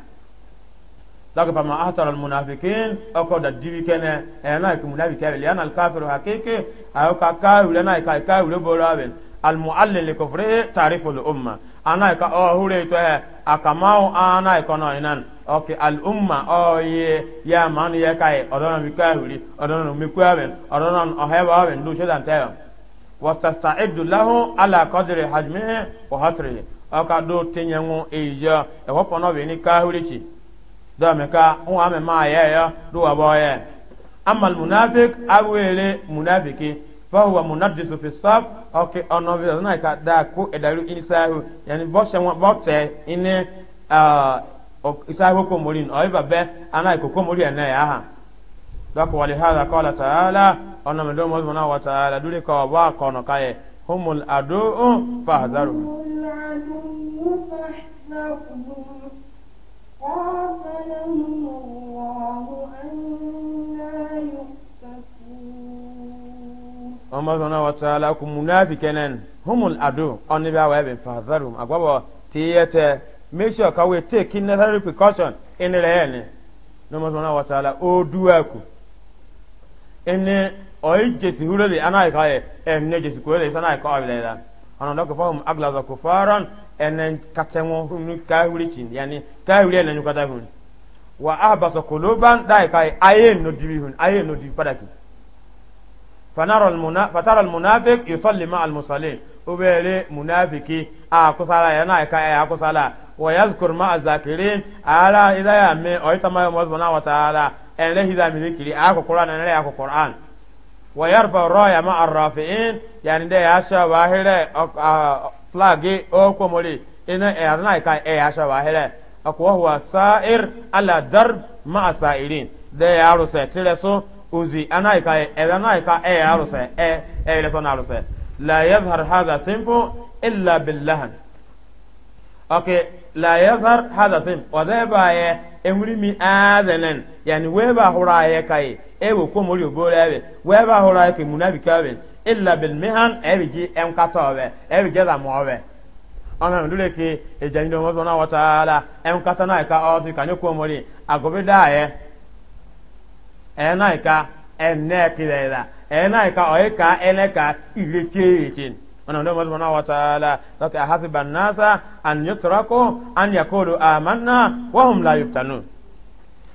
daga fama ahtaral munafikin oko da dibi kene e na ki munafiki ali ana al kafiru hakiki ayo ka ka wule na ka ka wule boraben al muallil li kufri ta'rifu eh, al umma ana ka o hure to he akamao ana ko no inan oke al umma o ye ya man ye kai odona mi ka wuli odona mi ku aben odona o he aben du shedan tayo wastasta'iddu lahu ala qadri hajmihi wa hatrihi aka do tinyangu eja e hopono be ni kahurichi dɔmi ka ŋun ame maa yɛ yɔ do wa bɔ yɛ amal munafik awele munafiki fahu wa munadisu fi saf ɔke ɔnɔvi ɔzɔ na yi ka daa ko ɛdalu isaahu yanni bɔsɛ ŋun bɔtɛ ine ɛɛ isaahu komori ɔyi ba bɛ ana yi ko komori ɛnɛ yɛ aha dɔk wali hada kɔla taala ɔnɔmi do mɔzɔn na wa taala duli ka wa bɔ a kɔnɔ ka yɛ humul adu fahadaru. فعفلهم الله أنا يؤفكون أما سبحانه وتعالى كم منافقين هم الأدو أن بأوابين فهذرهم أقوى تيئة make sure ka we take necessary precaution in the end no mo sona wa taala o duwa ku ene o jesi hurele ana ka e em ne jesi ko le sana ka o le da ana ndo ko fahum aglaza kufaran enen katenwo hunu kahuri chin yani kahuri enen yukata hun wa ahbasa quluban dai kai aye no dibi hun ayen no dibi padaki fanara al muna fatara al munafiq yusalli ma al ubere munafiki a kusala yana kai eh, a kusala wa yazkur ma azakirin ala idha ya me oita ma mozbana wa taala enle hida miliki a ko qur'an enle a ko qur'an wa yarfa raya ma ar yani da ya sha wahire ah, flagi o oh, komori ina e arna ka e eh, ya shawa hele akwa huwa sa'ir ala darb ma sa'irin de ya rusa tire uzi ana ka e ana ka e ya rusa e e le sona rusa la yadhhar hadha sinfu illa billah okay la yadhhar hadha sin wa da ba ye enwuri mi adanen yani we ba hura ye kai e wo komori obore we ba hura ye ke munabika ben illa bil mihan ebiji em katowe ebije da mowe ona ndule ke ejani do mo na wataala em katana ka ozi kanyo ko mori agobe dae ena ka da. kidela ena ka oika ene ka ileche echin ona ndo mo na wataala laka hasiban nasa an yutraku an yaqulu amanna wa hum la yuftanun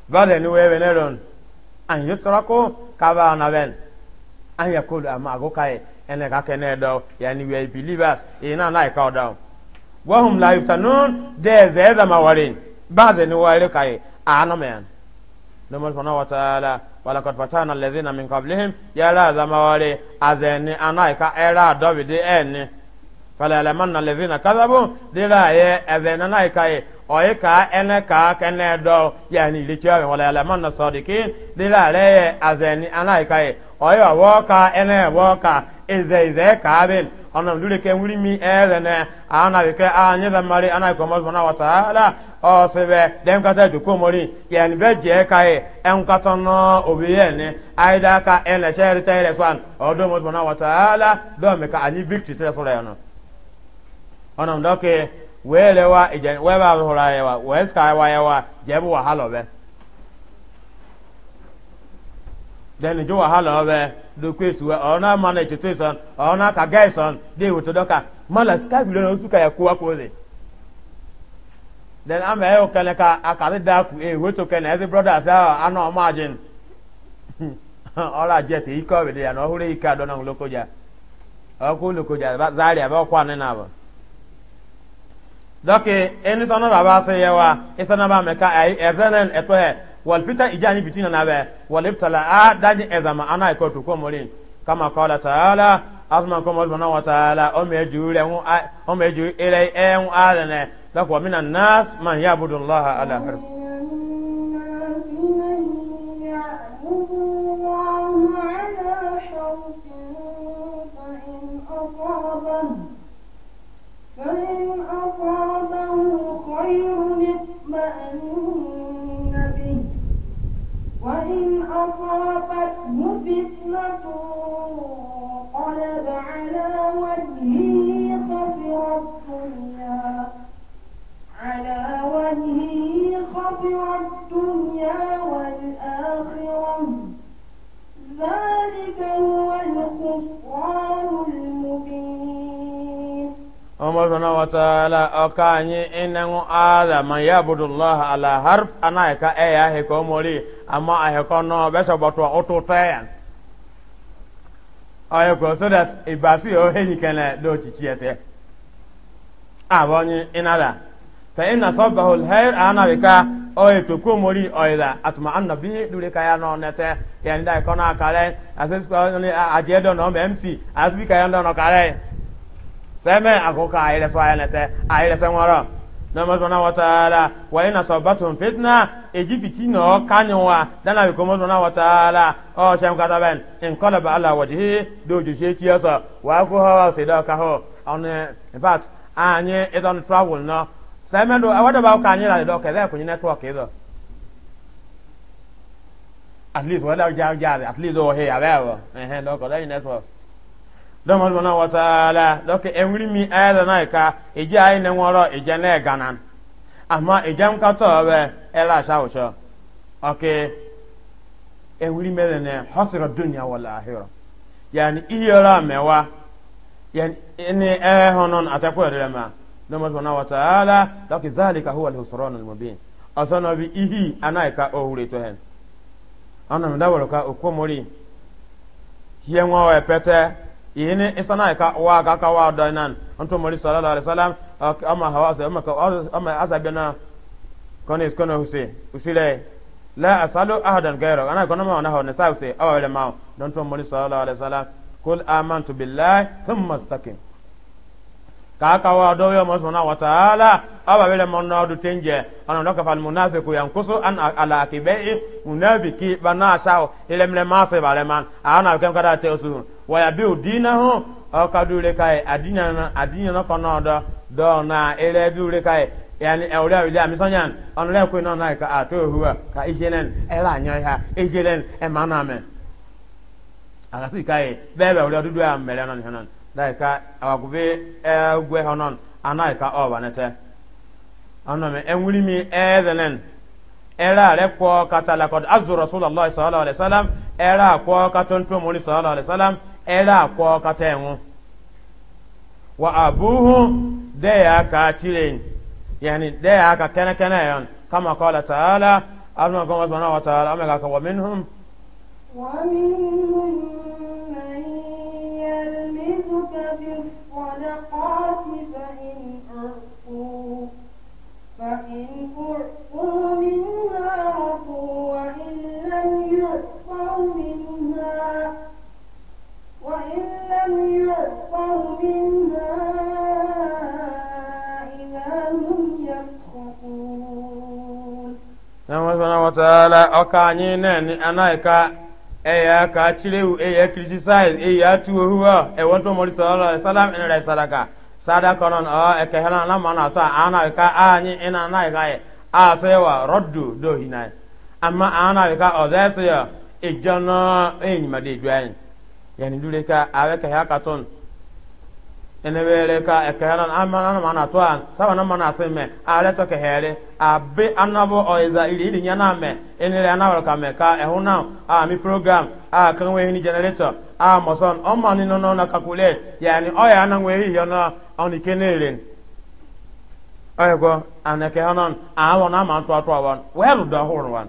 bale ni wewe neron an yutraku kaba na ben an ya kolo ama ago kai ene e e ka kene do yani we are believers ina na ka do wa hum la yuftanun de ze e za mawarin ba ze ni wari kai ana men no mo subhanahu wa ta'ala wa laqad fatana alladhina min qablihim ya la za mawari azeni ana ka era do bi de eni fala lamanna alladhina kadhabu de la ye azena na kai oye ka ene ka kene do yani lichwa wala la man sadikin dila le azeni anai kai oye wo ka ene wo ka eze ize ka bin ona ndule ke wuri mi elene ana be ke anye da mari ana ko mo bona wata ala o sebe dem ka ta du ko mori yani be je ka kai en ka ton no obiye ne aida ka ene sheri tere swan o do mo bona wata ala do me ka anyi victory tere so le ona ona ndoke weelewa ijen weba hura yawa weska yawa yawa jebu wa jebe halobe den jo wa halobe do kwesu we ona mana chiteson ona ka gaison de wuto doka mala ska bi lo suka ya kuwa kole den ama yo kale ka akale da ku e wuto kene as brothers ano margin ola jet iko be ọbịdị ya no hure ika do na lokoja akulu koja zaria ebe kwa ne na ba dɔke ɛni sɔnna baa baa se yɛ wa isana baa mɛ ka ayi ɛzɛnɛn ɛtɔɛ walfita ijaani na bɛ walibtala a daji ɛzama ana ikɔ tu kama kɔla taala asuma kɔmɔri fana wa taala o juu rɛ ŋu a o juu ere ɛ a lɛnɛ dɔke wa mina naas man ya budu lɔha ala Thank you. فإن أصابه خير اطمأن به وإن أصابته فتنة انقلب على وجهه خسر الدنيا على وجهه خسر الدنيا والآخرة ذلك هو الخسران المبين Umar bin wa ta'ala aka anyi inangu ala man yabudullah ala harf ana ka e ya he ko mori amma a he ko no so that ibasi o he ni kana do chichi ete abonyi inala fa inna sabahu alkhair ana bika o e to ko mori o ida atma annabi ka ya no nete ya nda ko na kare ases ko ni ajedo no mc asbi ka ya no kare sɛmɛ akoko ayɛlɛ fɔ ayɛlɛ tɛ ayɛlɛ fɛn wɔrɔ nɔmɔsɔnna wɔtaala wɔyɛ nasɔbatun fitina ejibiti nɔ kanyɔ wa dana bi kɔmɔsɔnna wɔtaala ɔ sɛm kata bɛn nkɔlɔ bɛ ala wɔjihi doju se tiɲɛ sɔ wa ko hɔ se dɔ ka hɔ ɔnɛ in fact an ye travel nɔ sɛmɛ do awɔ dɔ b'aw k'an yɛlɛ dɔ kɛlɛ kun yinɛ tɔ k'e dɔ at least wɔlɛ jaabi at least o oh, he a bɛ wɔ ɛhɛn dɔ kɔlɛ yinɛ tɔ. dɔmɔ ala wɔtaala lɔkè ɛnwiri mi ɛyɛlɛ náà ka ìdí ayé ne ije ìdí ne gana àmà ìdí nkatɔ bɛ ɛlɛ aṣáwùsɔ ɔkè ɛnwiri mɛlɛ nɛ hɔsirɔ dunya wala ahirɔ yanni iyɔrɔ mɛwa yanni ɛyɛ hɔnɔn atakɔ yɛrɛ lɛ ma dɔmɔ ala wɔtaala lɔkè zaali ka huwa lɛsɔrɔ ihi anaghị ka ọ ka okwomori nwa yini isana ka wa ka ka wa da nan antum mari sallallahu alaihi wasallam amma hawasa amma ka amma asabina konis kono huse usile la asalu ahadan gairo ana kono ma na hawne sause awale ma don to mari sallallahu alaihi wasallam kul amantu billahi thumma istaqim ka ka wa do yo masuna wa taala aba bele mon na du tenje ana no ka fal munafiqu yankusu an ala akibai munafiki bana sao ile mle se bale man ana kan kada te usun wayabiu dinahu ọkadure kai adinyana adịnya kọnọ dọ dọ na ere biure kai yani ẹwúrẹ́ àwìlẹ́ àmísọ́nyàn ọ̀nàlẹ́ ẹ̀kọ́ iná náà ka àtọ́ òhùwà ka ìjẹlẹ́n ẹ̀rọ ha ẹ̀mà náà mẹ́. káyè bẹ́ẹ̀ bẹ́ẹ̀ wúlẹ́ mẹ́rẹ́ náà nìyẹn náà ka àwàkùnfẹ́ ẹ̀ẹ́gbẹ́ hàn náà àná ìka ọ̀bà nẹ́tẹ́. ọ̀nà mi ẹ̀wúrí mi ẹ̀rọ ɛlɛ akɔ kata ɛŋo wa abuhu dɛ ya ka dɛ ya ka kɛnɛ kɛnɛ kama kɔla taala alima gɔmɔ sɔnna wa taala ka wa minhum. wa minhum man yalmizuka bi sadaqati fa in وإن لم يعطوا منها إذا هم يسخطون نعم سبحانه وتعالى أكاني ana أنا إكا eya ka chilewu ya criticize eya tuwehuwa ewonto mori sallallahu alaihi wasallam in rai sadaka sadaka non a ekehela na mana ana ka anyi ina na do ana ka o yani dule ka awe ka ya katon ene bere ka e ka ran amma na mana to an sawa na mana se me ale to ke here be anabo o iza e ili ili na me ene re anabo ka me ka e huna a mi program a kan we ni generator a moson o mani no no na kakule yani o ya na we hi na oni kenere oyego anake hanon a wona ma to to awon we lu da horwan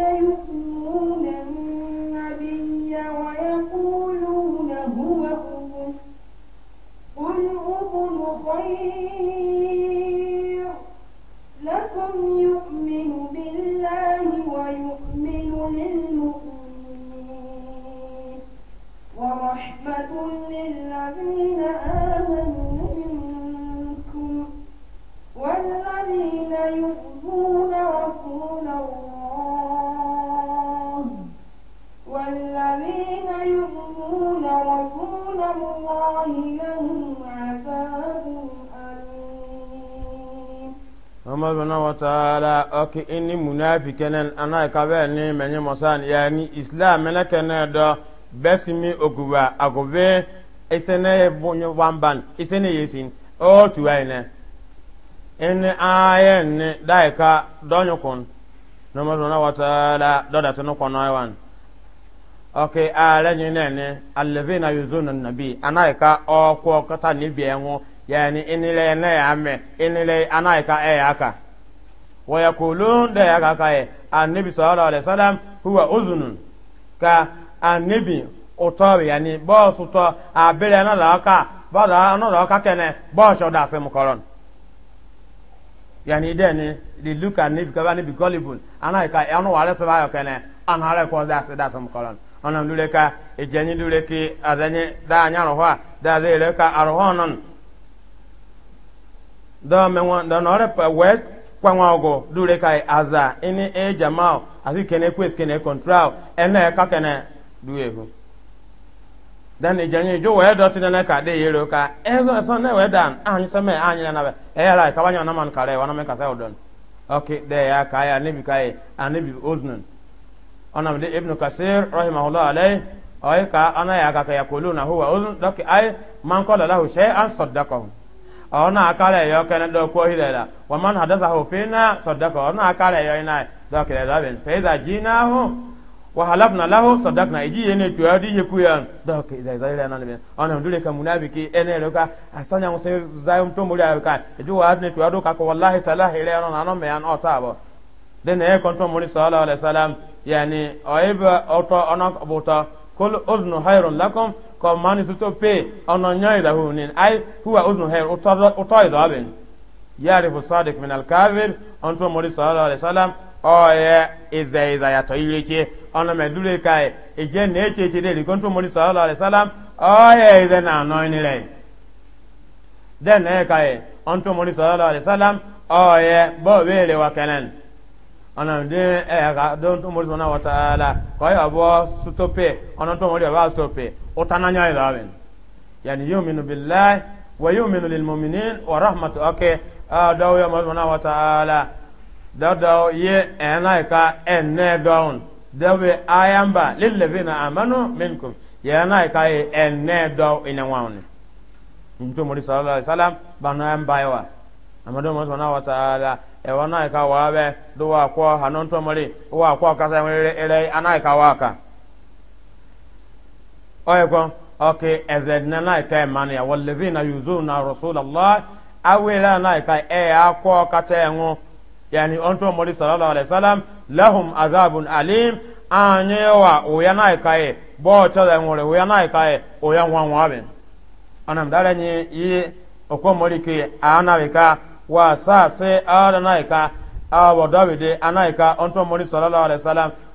Muhammad bin wa ta'ala oki inni ana ni menye mosan yani islam mena kene do besimi oguba agobe isene bunyo wamban isene yesin o tuwaine in ayen ne daika donyo kon wa ta'ala oke ne allazina yuzuna nabi ana ka okwo kata ni yani inile na ya ame inile anaika e aka wa yaqulun da ya aka e annabi sallallahu alaihi wasallam huwa uzunun ka annabi yani na la aka aka kene boss da se mukoron yani de ni di look ka gullible e, anu wale se ba yo kene anare ko da se da se mukoron onam ejenyi e azanye da anya roha da da menwa da nore pa west kwanwa ogo dure kai aza ini e jamao asi kene kwes kene control ene e ka kene duwe hu dan e janye jo we dot na ka de yero ka ezo so e na we dan anyi seme anyi na be e ra e ka banya na man kare wa na me ka sa odon okay de ya ka ya ne bi kai ane bi oznun ona de ibn kasir rahimahullah alayhi ay ka ana ya ka ya kuluna huwa uzn dak ay man qala lahu shay'an saddaqahu ona akala yo kana do ko hilela wa man hadathahu na sadaka ona akala yo ina do kile da ben fa idha jinahu wa halabna lahu sadaqna iji yene tuadi yeku ya do ke idha idha ila nan ona ndule ka munafiki ene roka asanya musa zayo mtomo ya ka ju wa adne tuado ka ko wallahi talahi ile ona no me an otabo den e konto muri sallallahu alaihi wasallam yani oiba oto ona buta kul uznu hayrun lakum ko mani suto pe ono nyai da hu nin ai huwa uznu her utoy do aben yarifu sadiq min al kafir onto mori sallallahu alaihi wasallam oye ize iza ya to ileke ono me dure kai eje ne eche eche de konto mori sallallahu alaihi wasallam oye ize na no ni re den ne kai onto mori sallallahu alaihi wasallam oye bo bele wa kanan ana de e ga don to mori sallallahu alaihi wasallam ko ya bo sutope ono to mori ba sutope utananya idaben yani yu'minu billahi wa yu'minu lil mu'minin wa rahmatu ake dawo ya mazmana wa ta'ala dawo ye enai ka enne down dawe ayamba lil ladina amanu minkum ya enai ka ye enne down ina wawni mtu muri sallallahu alaihi wasallam bana ambaiwa amadu mazmana wa ta'ala e wanai ka wabe duwa ko hanon to muri wa ko kasa ngere ere anai ka waka oyekon oke ezedna na ita emani ya wallazina yuzuna na yuzu na ita e akwa kata enwo yani onto mori sallallahu alaihi wasallam lahum azabun alim anyewa oya na ita e bo chala enwore oya na ụya e oya nwa nwa be anam dare na ita awo dawide anaika onto mori sallallahu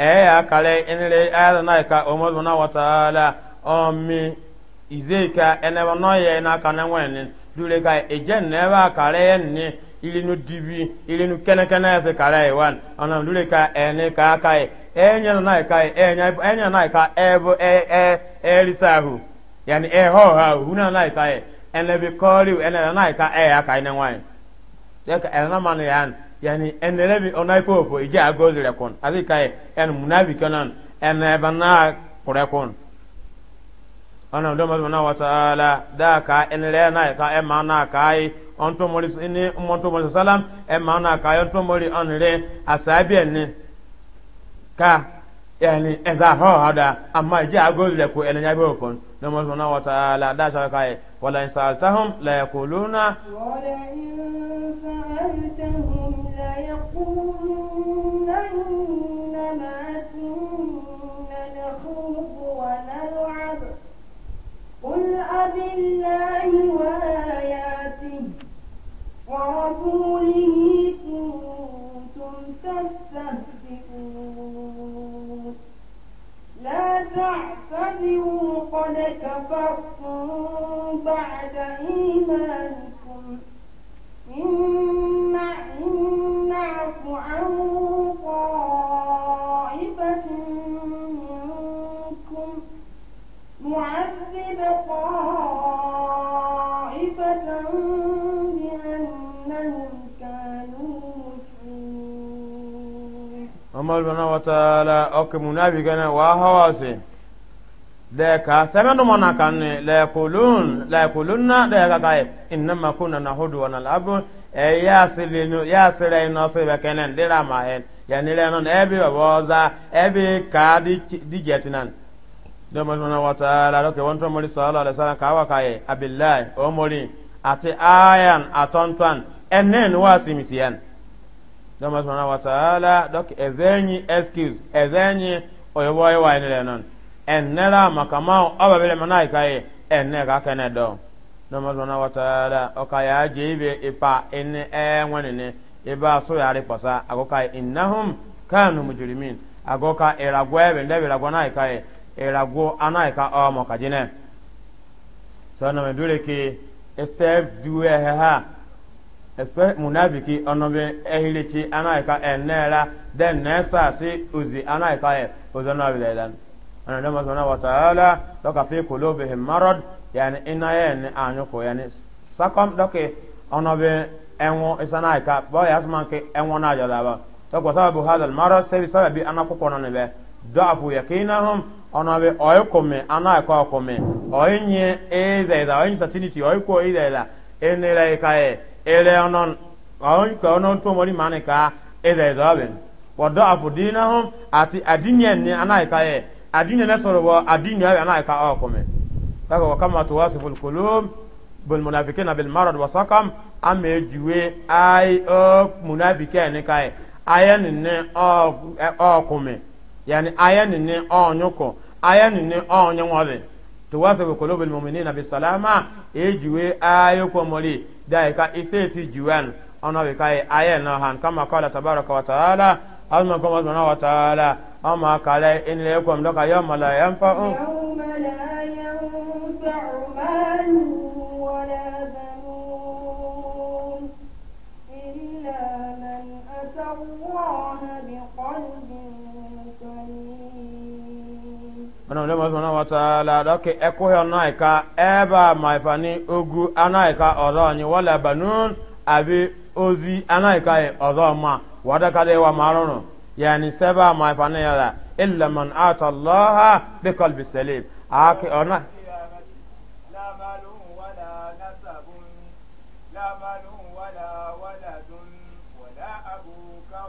eya kale enere ayada na ka omodu na omi izeka eneba no ye na ka na ka eje neba kale ni ilinu dibi ilinu kenekene ese kale ewan ona dure ka enwe ka ka enya na ka ka e e yani e, ha na ka ka ka yani enere bi onai popo ije agozi rekon azi kai en munabi kanan en ebana kurekon ana enere na ka e mana kai onto mori ni salam e mana kai onto mori onre asabi ka yani eza ho hada amma ije agozi نمر سبحانه وتعالى دا شكاية ولئن سألتهم ليقولون ولئن سألتهم ليقولون إنما كنا نخوض ونلعب قل أب الله وآياته ورسوله كنتم تستهزئون لا تعتذروا قد كفرتم بعد إيمانكم إن نعفو عن طائفة umar bana wataala oke munabi gana wa hawase da ka same no mana kan ne la yaqulun la yaqulunna da ka kai innama kunna nahudu wa nalabu e ya silinu ya sirai no se be kenen dira ma hen ya ni le non e bi boza e bi ka di di jetinan da umar bana wataala oke won to mari sallallahu alaihi wasallam ka wa kai abillahi o mori ati ayan atontan enen wa simisiyan dɔma sɔnna wa taala dɔk ɛzɛnyi excuse ɛzɛnyi oyebɔ ye wa ye ne lɛ nɔn ɛnɛ la makamaw ɔba bɛ lɛmɛ n'a yi ka ye ɛnɛ ka kɛnɛ dɔn dɔma sɔnna wa taala ɔka yaa je ibe ipa ɛni ɛɛ ŋɔni ne iba so yaari kpasa a ko ka ye innahum kanu mujurimin a ko ka irago ɛbɛ ndɛ irago n'a yi ka ye irago ana yi ka ɔmɔ ka jinɛ sɔnna mɛ dole ke ɛsɛ duwɛ hɛ ha. espe munafiki onobe ehilichi anaika enera den nesa si uzi anaika e uzono biledan ana nama subhanahu wa ta'ala doka fi qulubihim na yani inayen anyuko yani sakam doke onobe enwo isanaika bo yasman na jada ba to ko sababu hada al marad sai sababi anakoko non be da'fu yakinahum onobe oyokome anaika okome oyinye ezeda oyin satinity oyiko ezeda ele onon kawon ka onon to mori mane ka ele zaben wado afudinahum ati adinyen ni anai ka e adinyen na soro wa adinyen ya anai ka akome kaga wa kama tuwasiful qulub bil munafiqina bil marad wa saqam ame juwe ai o munafiqina kai e. ayan ne o akome e, yani ayan ne onyuko ayan ne onyenwore tuwasiful qulubil mu'minina bis salama ejuwe ayo komori dai ka isesi juwan ono be kai aya na han kama kala tabaraka wa taala azma kama subhanahu wa taala ama kala in la yakum laka yawma la yanfa'u yawma la yanfa'u malun wala banun illa man ata Allah biqalbin salim mana wale mazmana wataala dake ekohe onaika eba maifani ugu anaika ọzọnyi wala banun abi ozi anaika e ọzọma wadakade wa marunu yani seba maifani yada illa man ata allaha bi qalbi salim aki ona la malun wala nasabun la malun wala waladun wala abuka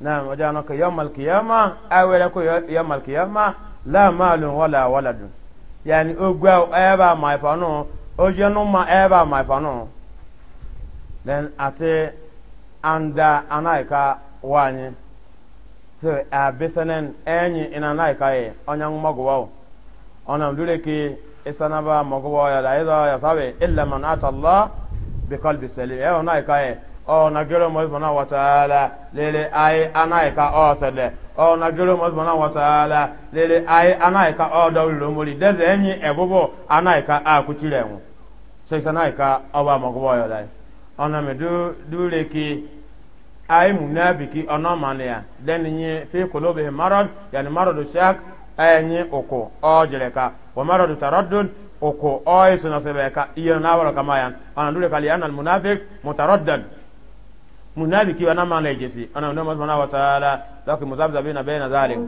نعم وجانك يوم القيامة أولك يوم القيامة لا مال ولا ولد يعني أقوى أبا ما يفعلون أجنو ما أبا ما يفعلون لأن أتي عند أنايكا واني so abisenen enyi ina naika ye onyan magwawo onam dule ki isanaba magwawo ya da ido ya sabe illa man ata allah bi qalbi e ọ na gero mọzbana wataala lele ayi anayi ka ọ sede. ọ na gero mọzbana wataala lele ayi anayi ka ọ dawuli lomoli dẹsẹ ẹnyi ẹbọbọ anayi ka a kuti rẹ ŋu sẹsẹ anayi ka ọba mọgọbọ yọ dai ọna mi du duure ki ayi munabiki ọna maniya dẹni nye fi kolo bihi ya yanni maradu shak ẹyẹ nyi oko ọ jẹrẹ ka wa maradu taradun ụkụ ọ yi sinasẹbẹ ka iye na wọlọ kama ya ọna duure ka liyan al munafik mutaradan. munafiki wa nama na ejesi ana ndo mwana wa taala laki muzabza na baina zalik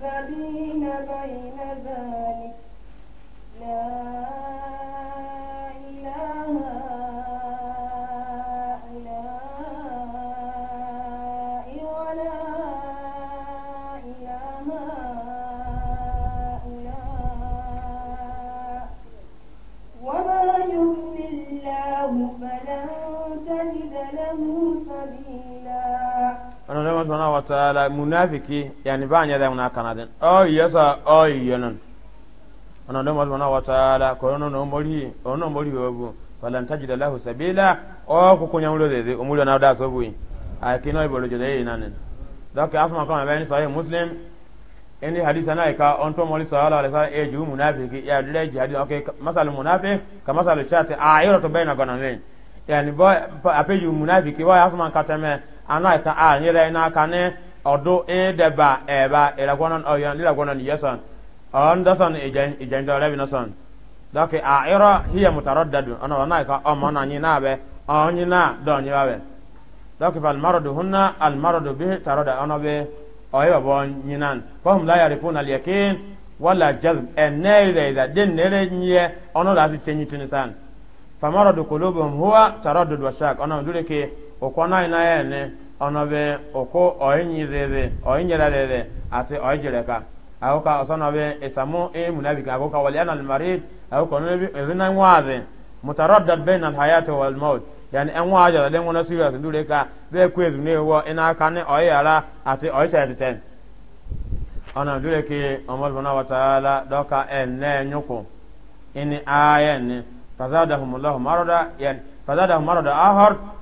baina zalik la ilaha rahman subhanahu wa ta'ala munafiki yani ba nya da una kanadin Oh yes, o oh, yenon ona do mo subhanahu wa ta'ala ko no no mori ono mori obu falan tajida lahu sabila o oh, ko kunya mulo de de umulo na da so buyi a kino ibolo jode inanen donc asma kama bani sahih muslim ini hadisa na ka on to mori sallallahu alaihi wasallam e ju munafiki ya dile jihadi okay masal munafiq ka masal shati a yoro to baina gonan yani boy apeju munafiki boy asma katame Ah, ana ah, ka a nyere na ka ne odu edeba eba iragwanan oyan liragwanan yesan on dasan ijen ijen da rabina san dake a ira hiya mutaraddadun ana wana ka o mana ni na be on ni na do ni ba be dake fal maradu hunna al maradu bi tarada ana be o yo bon ni nan fahum la yarifuna al yakin wala jazb enayda da din nere nye ono la ti tenyi tunisan famaradu qulubuhum huwa taraddud wa shak ana dure ke ụkwana na ya ene ọnọbe ụkụ ọyinyirere ọyinyerere ati ọyijireka akwụkwọ ọsọnọbe ịsamụ emunabika akụkọ wali anal marid akwụkwọ n'ebe ezina nwaazị mutaradda bain al hayat wal maut yani en wa ajala den wona serious dure ka be ku ezu ati ya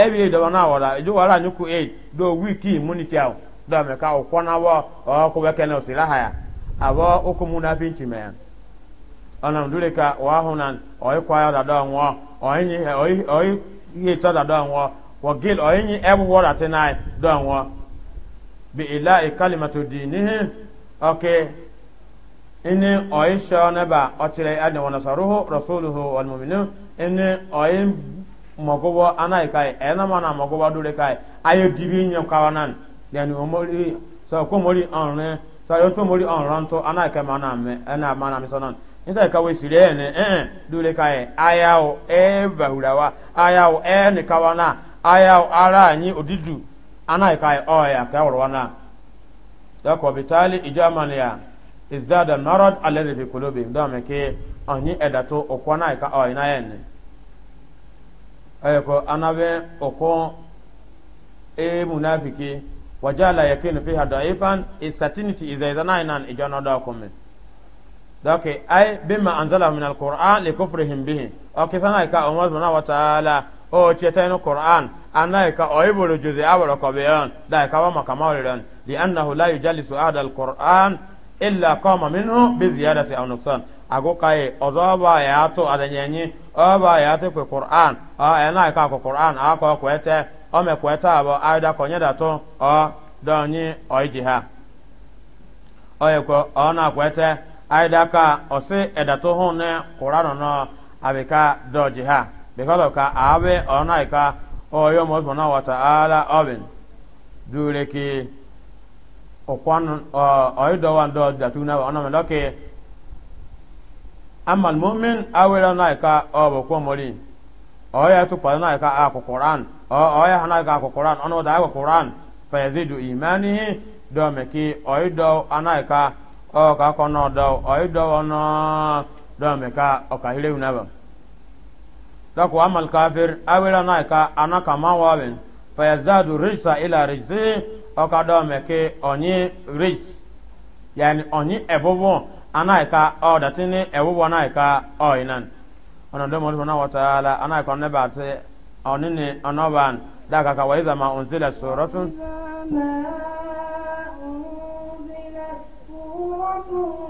ebi dɔbɔ naa wɔla edzo wɔla nyɔku eid do wiki immunity awo dɔmɛ ka o kɔna wɔ ɔkò bɛ kɛnɛ o si la haya awɔ oko mu na fi ntsi mɛ ɔnà ndúlẹ̀ ka wàá hùn nà ɔyí kɔ ayọ̀ dàdọ̀ ŋwɔ ɔyí nyi ɔyí ɔyí yé tɔ dàdọ̀ ŋwɔ wɔ gil ɔyí nyi ɛbu wɔ dàtí náà dọ̀ ŋwɔ bi ilá ìkàlìmàtò dì níhìn ɔkè ɛni ɔyí sɔ nẹ́bà ɔtí rẹ̀ ɛdínwó nasɔrò rɔ̀sọ́lù hó ɔlùmọ̀mìnú ɛni ɔyí mogobo anai kai ena mana mogobo dure kai ayo dibi nyo kawanan yani omori so ko mori onre yo to mori onran to na kai mana me ena mana sire ne eh, kai e bahurawa ayao e ni ara anyi odidu kai oya ka worwana dako bitali ijamania izdada marad alladhi fi qulubihim da me ko anabe oko e munafiki wajala yakinu fiha da'ifan is certainty is there nan ijana da kuma dake ai bima anzala min alquran li kufrihim bihi o ke sana ka umar subhanahu wataala ta'ala o ce ta no quran anai ka o ibolo juze abara ko beyan da ka wa makama ran li annahu la yujalisu ahad alquran illa qama minhu bi ziyadati aw nuqsan agụkaghị ọzọ ba ya atụ adanyenyi ọba oh, ya atụ kwe qur'an ọ oh, ka ah, ko qur'an a kwete o oh, me kwete abo aida ah, to ọ donyi oiji ha oye ọ na kwete aida ah, ka e abika ha ka ọ na ka oyo mo subhanahu wa ta'ala obin dure ki ọ Amal mumin awela na ka obo ko mori oya to pa na ka aku qur'an oya na ka aku qur'an ono da aku qur'an fa yazidu imanihi do me ki oido anaika o ka kono do oido ono do me ka o ka hile unaba da ko amal kafir awela na ka anaka mawabin fa yazadu rijsa ila rijsi o ka do me ki onyi rijs yani onyi ebobo anaika o datini ewubo anaika o inan ono domo subhanahu wa ta'ala anaika onne bate onini onoban daka ka wa idha ma unzila suratun ma unzila suratun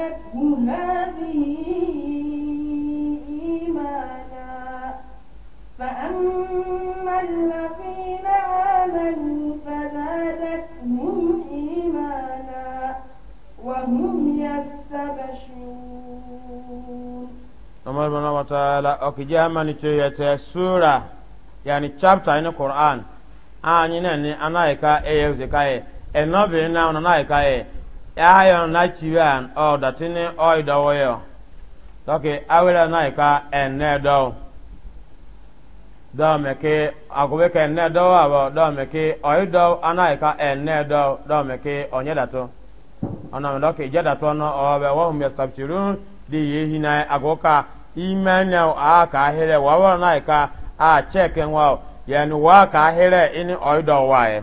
زادتهم هذه إيمانا فأما الذين آمنوا فزادتهم إيمانا وهم يستبشرون الله سبحانه وتعالى أكجاه من تيتي سورة يعني chapter in the Quran أني نني أنا إكا إيه زكاة إنه بينا أنا إكا ayon na chiwan o datini oi dawoyo toki awira na ka enne do do meke agobe ka enne do abo do meke oi do ana ka enne do do meke onye dato ona me doki je dato no o be wo hum yastabchirun di yehi na agoka imanya a ka here wa wa na ka a cheke nwa yani wa ka here ini oi do wae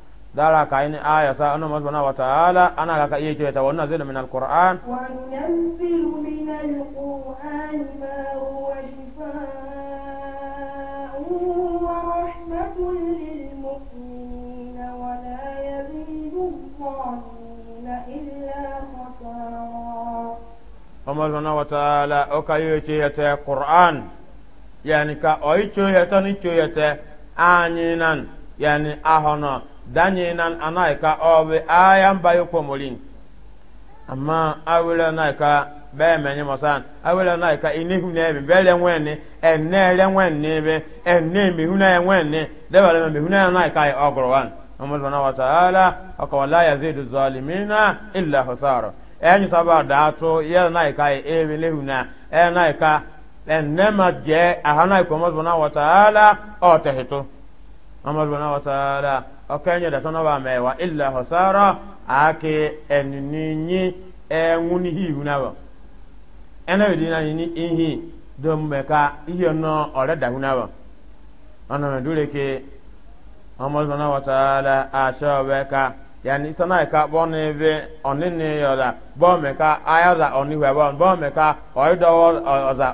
دارا كاين آية سأنا ما سبحانه وتعالى أنا لك إيه جوية من القرآن وأن من القرآن ما هو شفاء ورحمة للمؤمنين ولا يزيد الظالمين إلا خسارا وما سبحانه وتعالى أوكا يوتي القرآن يعني كا أوي تشويتا نتشويتا آنينا يعني أهنا يعني danyi nan anai ọbụ aya mba bayo pomolin amma awele nai ka menye mosan awele nai ka ini ebe be bele nwenni enne ele nwenni enne mi hune nwenni debele me hune nai ka ogorwan amma subhana wa ta'ala aka la yazidu zalimina illa khasara ya e nai ka enne ma je ahana ko subhana wa ta'ala o ọkanye da tọnọ ba mẹ wa illa hosara ake ẹnininyi ẹnwuni hihu na ẹnna bi di na ni ihi dom mẹ ka ihi ọnọ ọrẹ dahu mẹ ke ọmọ sọnà wọtaala aṣọ ọbẹ ka yanni sọnà ẹka bọ́ọ̀nì bi ọ̀nì ni yọ̀dà bọ́ọ̀ mẹ ka ayọ̀dà ọ̀nì hùwẹ̀ mẹ ka ọ̀yọ̀dọ̀wọ̀ ọ̀zà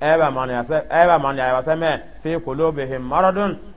àmà náà fi kòló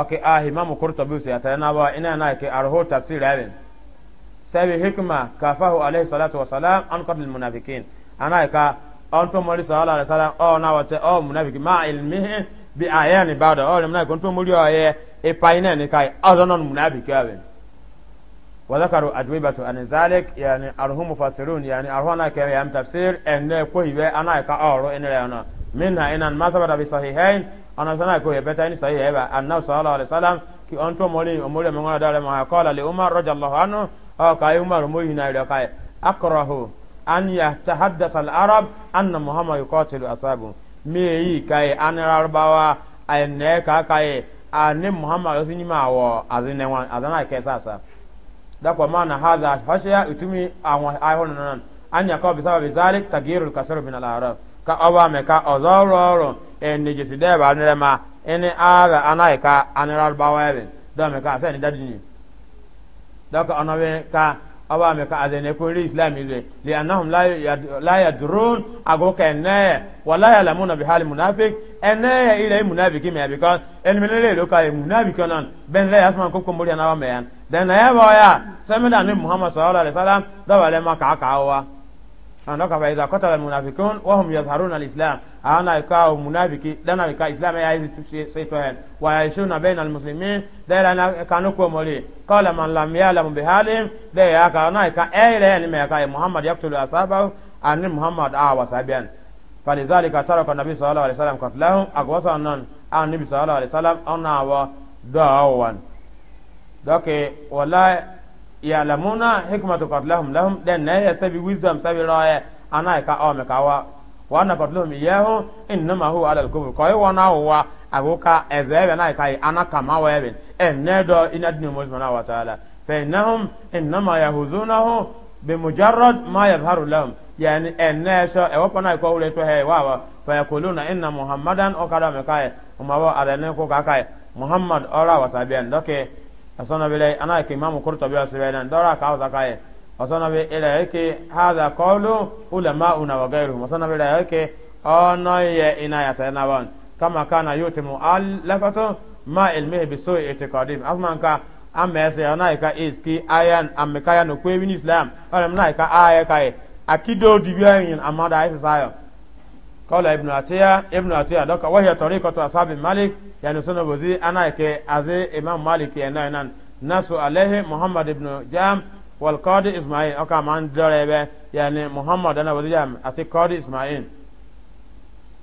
ake ahi mamu kurta biyu sai ta yana ba ina na ke arho tafsir rabin sabi hikma kafahu alaihi salatu wasalam an qatl al munafiqin ana ka an to mali sallallahu alaihi wasalam o na wate o munafiqi ma ilmihi bi ayani bada o na kun to muri aye e paine ni kai azanon munafiqi rabin wa zakaru adwibatu an zalik yani arhu mufassirun yani arhu na ke yam tafsir enne ko hiwe ana ka aro enne rayona inan masabara bi sahihain ana sana ko ya beta ni sahiha ba annabi sallallahu alaihi wasallam ki on to mori o mori mo da ma qala li umar radiyallahu anhu o ka umar mo hina da kai akrahu an yatahaddatha al arab anna muhammad yuqatilu asabu me yi kai an rabawa ay ne ka kai ani muhammad sun yi ma wo azine wan azana kai sasa da kwa mana hadha hashiya utumi awon ayhon nan an yakau bi sababi zalik tagirul kasr min al arab ka ọba me ka ọzọ ọrụ ọrụ ẹni e jesi dẹ ba nire ma ẹni ara anaghị ka anira bawa ebe dọ me ka afẹ ni dadi ni dọka ọnọ bi ka ọba me ka adị n'ekwere islam ile li anahum la ya durun agụ ka ene wala ya lamu na bi hali munafik ene ya ile munafik ime ya bikọ ẹni mi nire ero ka ya munafik nan ben le ya asuma nkoko mori ya na wa me ya dan na ya ba muhammad sallallahu alaihi wasallam dọba le ma ka aka anaka fa idha qatala almunafiqun wa hum yadhharuna alislam ana ka munafiki dana ka islam ya yi saito hen wa yashuna baina almuslimin da la kanu ko mole qala man lam ya'lam bi halim da ya ka na ka ayre eh, ni me ka muhammad yaqtulu asaba an muhammad a wasabian falidhalika taraka nabi sallallahu alaihi wasallam qatlahum agwasa nan an nabi sallallahu alaihi wasallam ana wa dawan doke wallahi yalamuna hikmatu fatlahum lahum den ne ya sabi wisdom sabi roye ana ka o me kawa wa na fatlahum yahu innama huwa ala al-kufr wa na huwa abuka ezebe na kai ana kama wa yebe enne do inadni muzmana wa taala fa innahum innama yahuzunahu bimujarrad ma yadhharu lahum yani enne so e wa na ko ule to he wa wa fa yaquluna inna muhammadan o kada me kai umma arene ko ka kai muhammad ora wasabian. doke okay asana bile ana ke imam qurtubi asbaidan dara ka za kai asana bi ila yake hadha qawlu ulama una wa ghayruhum asana bile yake ono ye ina ya tana ban kama kana yote mu'allafatu ma ilmihi bi su'i i'tiqadim asman ka amma ana ka iski ayan amma kaya no kwebi islam ana ka aya kai akido dibiyan amma da isa sayo قال ابن عطية ابن عطية دوكا وهي طريقة أصحاب مالك يعني سنة بذي أنا كي أذي إمام مالك ينا ينان ناس عليه محمد ابن جام والقاضي إسماعيل أكا من دربة يعني محمد أنا بذي جام أتي قاضي إسماعيل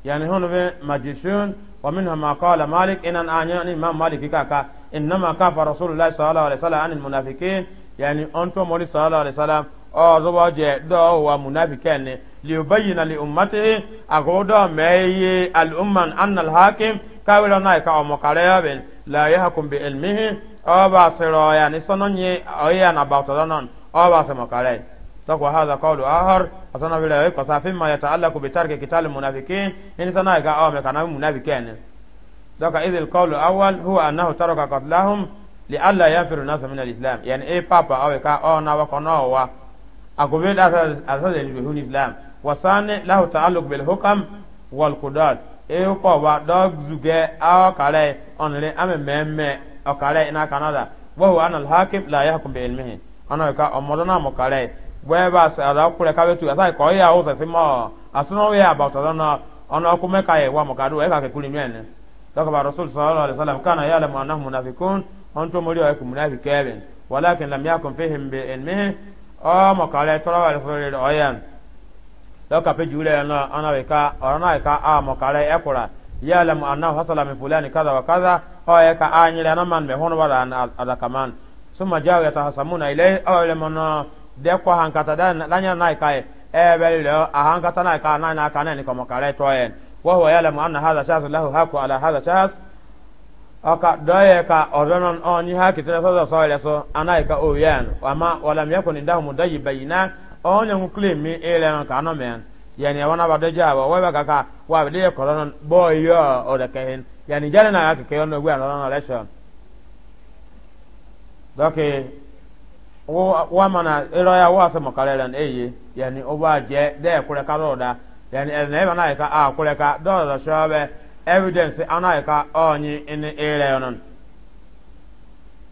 يعني هون في مجلسون ومنهم ما قال مالك إن أن يعني إمام مالك كاكا إنما كاف رسول الله صلى الله عليه وسلم عن المنافقين يعني أنتم مولي صلى الله عليه وسلم أو آه زواج دو ومنافقين liyubayyana li ummatihi agodo meyi al umman anna al hakim kawira nay ka o mokare ben la yahkum bi ilmihi o ba siro ya ni sononye o ya na ba to non o ba se mokare tak wa hadha qawlu ahar atana bila ko sa fi ma yata'allaqu bi tarki qital munafiqin in sana ga o me kana munafiqin daka idh al qawlu awwal huwa annahu taraka qatlahum li alla yafiru nas min al islam yani e papa awe ka o na wa kono wa agobe da asa asa de bi hun islam wasane lahu ta'alluq bil hukam wal qudat e ko wa dog zuge a kare onre ame meme o kare ina kanada wa huwa an al hakim la yahkum bi ilmihi ana ka omodona mo kare we ba sa da kure ka betu asa ko ya o se mo asuno we about ona ona ku me kai wa mo kadu e ka ke kuli nyen daga ba rasul sallallahu alaihi wasallam kana ya lam anahum munafiqun onto mo riwa ku munafiqun walakin lam yakum fihim bi ilmihi o mo kare torawa al furid oyan doka pe jule na ana ka ona ka a mo kare ekura yalam anna hasala min fulani kaza wa kaza o e ka anyira na man me hono wala na ala kaman summa jawa yatahasamuna ilay o le mono de ko hankata dan lanya na kai e bel lo a hankata na ka na na ka na ni ko mo kare to en wa huwa yalam anna hadha shakhs lahu haku ala hadha shakhs aka doye ka odonon on yi haki tana so so ile so anai ka o yan ama walam yakun indahu mudayi bayinat onye nwukle mi ele ŋa ka anɔ mɛn yani ya wana bado jaba wewe kaka wa de kolono boy yo o de kehen yani jana na yake ke ono gwa no lesho doke wo wa mana ero ya wa sama kalelen eye yani oba je de kure karoda yani na eba na ka a kure ka do do shobe evidence anayika onyi ini ere yonon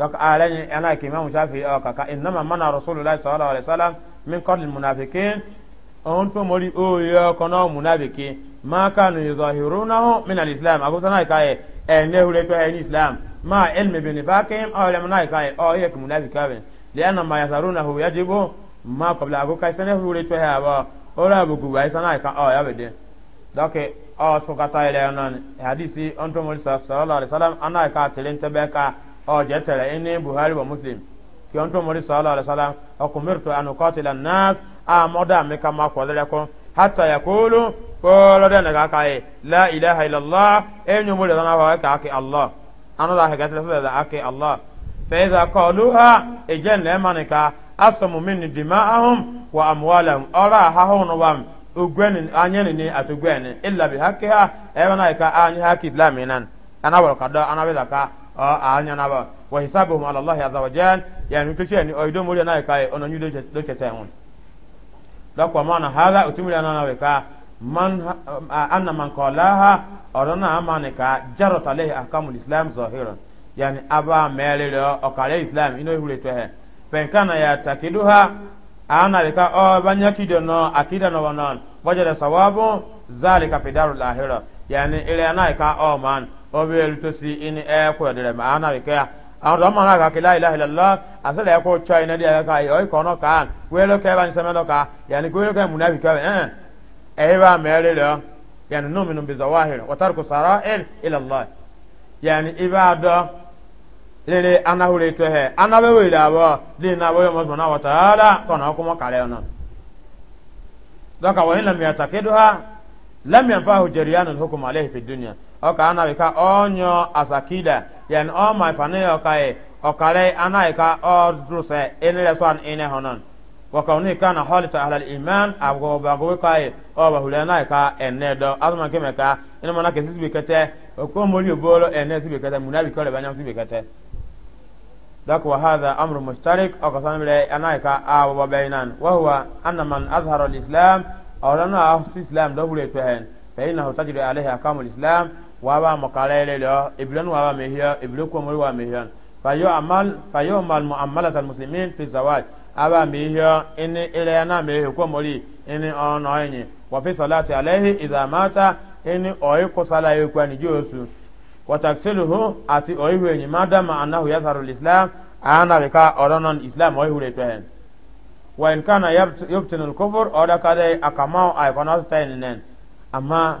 donc alañi ana ke imam shafi o kaka innama mana rasulullahi sallallahu alaihi wasallam min qatl munafiqin on to mori o oh, yo kono munafiki ma kanu yuzahirunahu min alislam abu sanai kai e eh, eh, ne hure to oh, en islam ma oh, ilmi bi nifakim aw lam nai kai o ye munafika ah, ben lianna ma yazarunahu yajibu ma qabla abu kai sanai hure to ha ba ora abu gubai sanai ka o ya bede donc o so kata ile non hadisi on to mori sallallahu alaihi wasallam ana ka telente be ọjẹ tẹrẹ ẹni buhari wa muslim kí wọn tún mọrí sọlá alẹsàlá ọkùnmírìtò anukọtìlá náà àmọdá mi ká máa kọ lẹrẹkọ hàtà yakulu kọlọdẹ nàgà káyé la ilaha illallah ẹni mú lẹsàn àwọn ẹka akẹ allah anúdà àhẹgàtì lẹsàn lẹsàn akẹ allah fẹẹsà kọlu ha ìjẹ ńlẹ mánìkà asọmùmí ni dìmá ahùn wà àmúwálẹ ọrọ àhàhùn wà mí ugwẹni anyẹni ni àti ugwẹni ìlàbí hakẹ ha ẹ wọn àyíká anyi hakẹ islam yìí nan anáwọlọkadọ anáwọlọkadọ anya na ba wa hisabuhum ala Allah azza wa jal yani to sheni o ido mori na kai ono nyu do chete hun da kwa mana hada utumiri na na weka man eh, anna man qalaha arana amane ka jarat alayhi ahkamul islam zahiran yani aba melelo o islam ino hure to he penkana ya takiduha ana weka o banya kidono akida no wanan wajada sawabu zalika fi darul akhirah yani ile na o man obel to si in e ko dere ma ana be ka ardo ma na ka la ilaha illallah asala ko chai na dia ka oi ko no kan we lo ke ban sama lo ka yani ko lo ka munabi ka eh e ba mere lo yani no minum bi zawahir wa tarku sara'il ila allah yani ibada lele ana hure to he ana be we da bo din na bo mo na wa taala ko na ko mo kale ona doka wa illa mi atakiduha lam yanfahu jaryan al hukm alayhi fi dunya ọka anabika ọnyọ asakida yan ọma ifane ọkaye ọkare anayika ọdruse enire swan ene honon wakauni kana holita ahlal iman agobagowe kaye ọba hulanayika ene do azuma kemeka ina mana kesi sibikete okomoli obolo ene sibikete munabikole banyam sibikete ذاك وهذا أمر مشترك أو قسم بلا أنايك أو بينان وهو أن من أظهر الإسلام أو لنا أفس الإسلام دبل فإنه تجري عليه أحكام Islam waba makalele lo ibilan waba mehia ibilu ko mori wa mehia fayo amal fayo mal muamalat al muslimin fi zawaj aba mehia in ile yana mehia ko mori in ono yin wa fi salati alayhi idha mata in oyi ko sala yi kwani josu wa taksiluhu ati oyi wenyi madama annahu yadharu islam ana bika oronon islam oyi hure to hen wa in kana yabtinu al kufr oda kade akamao ay kono stainen amma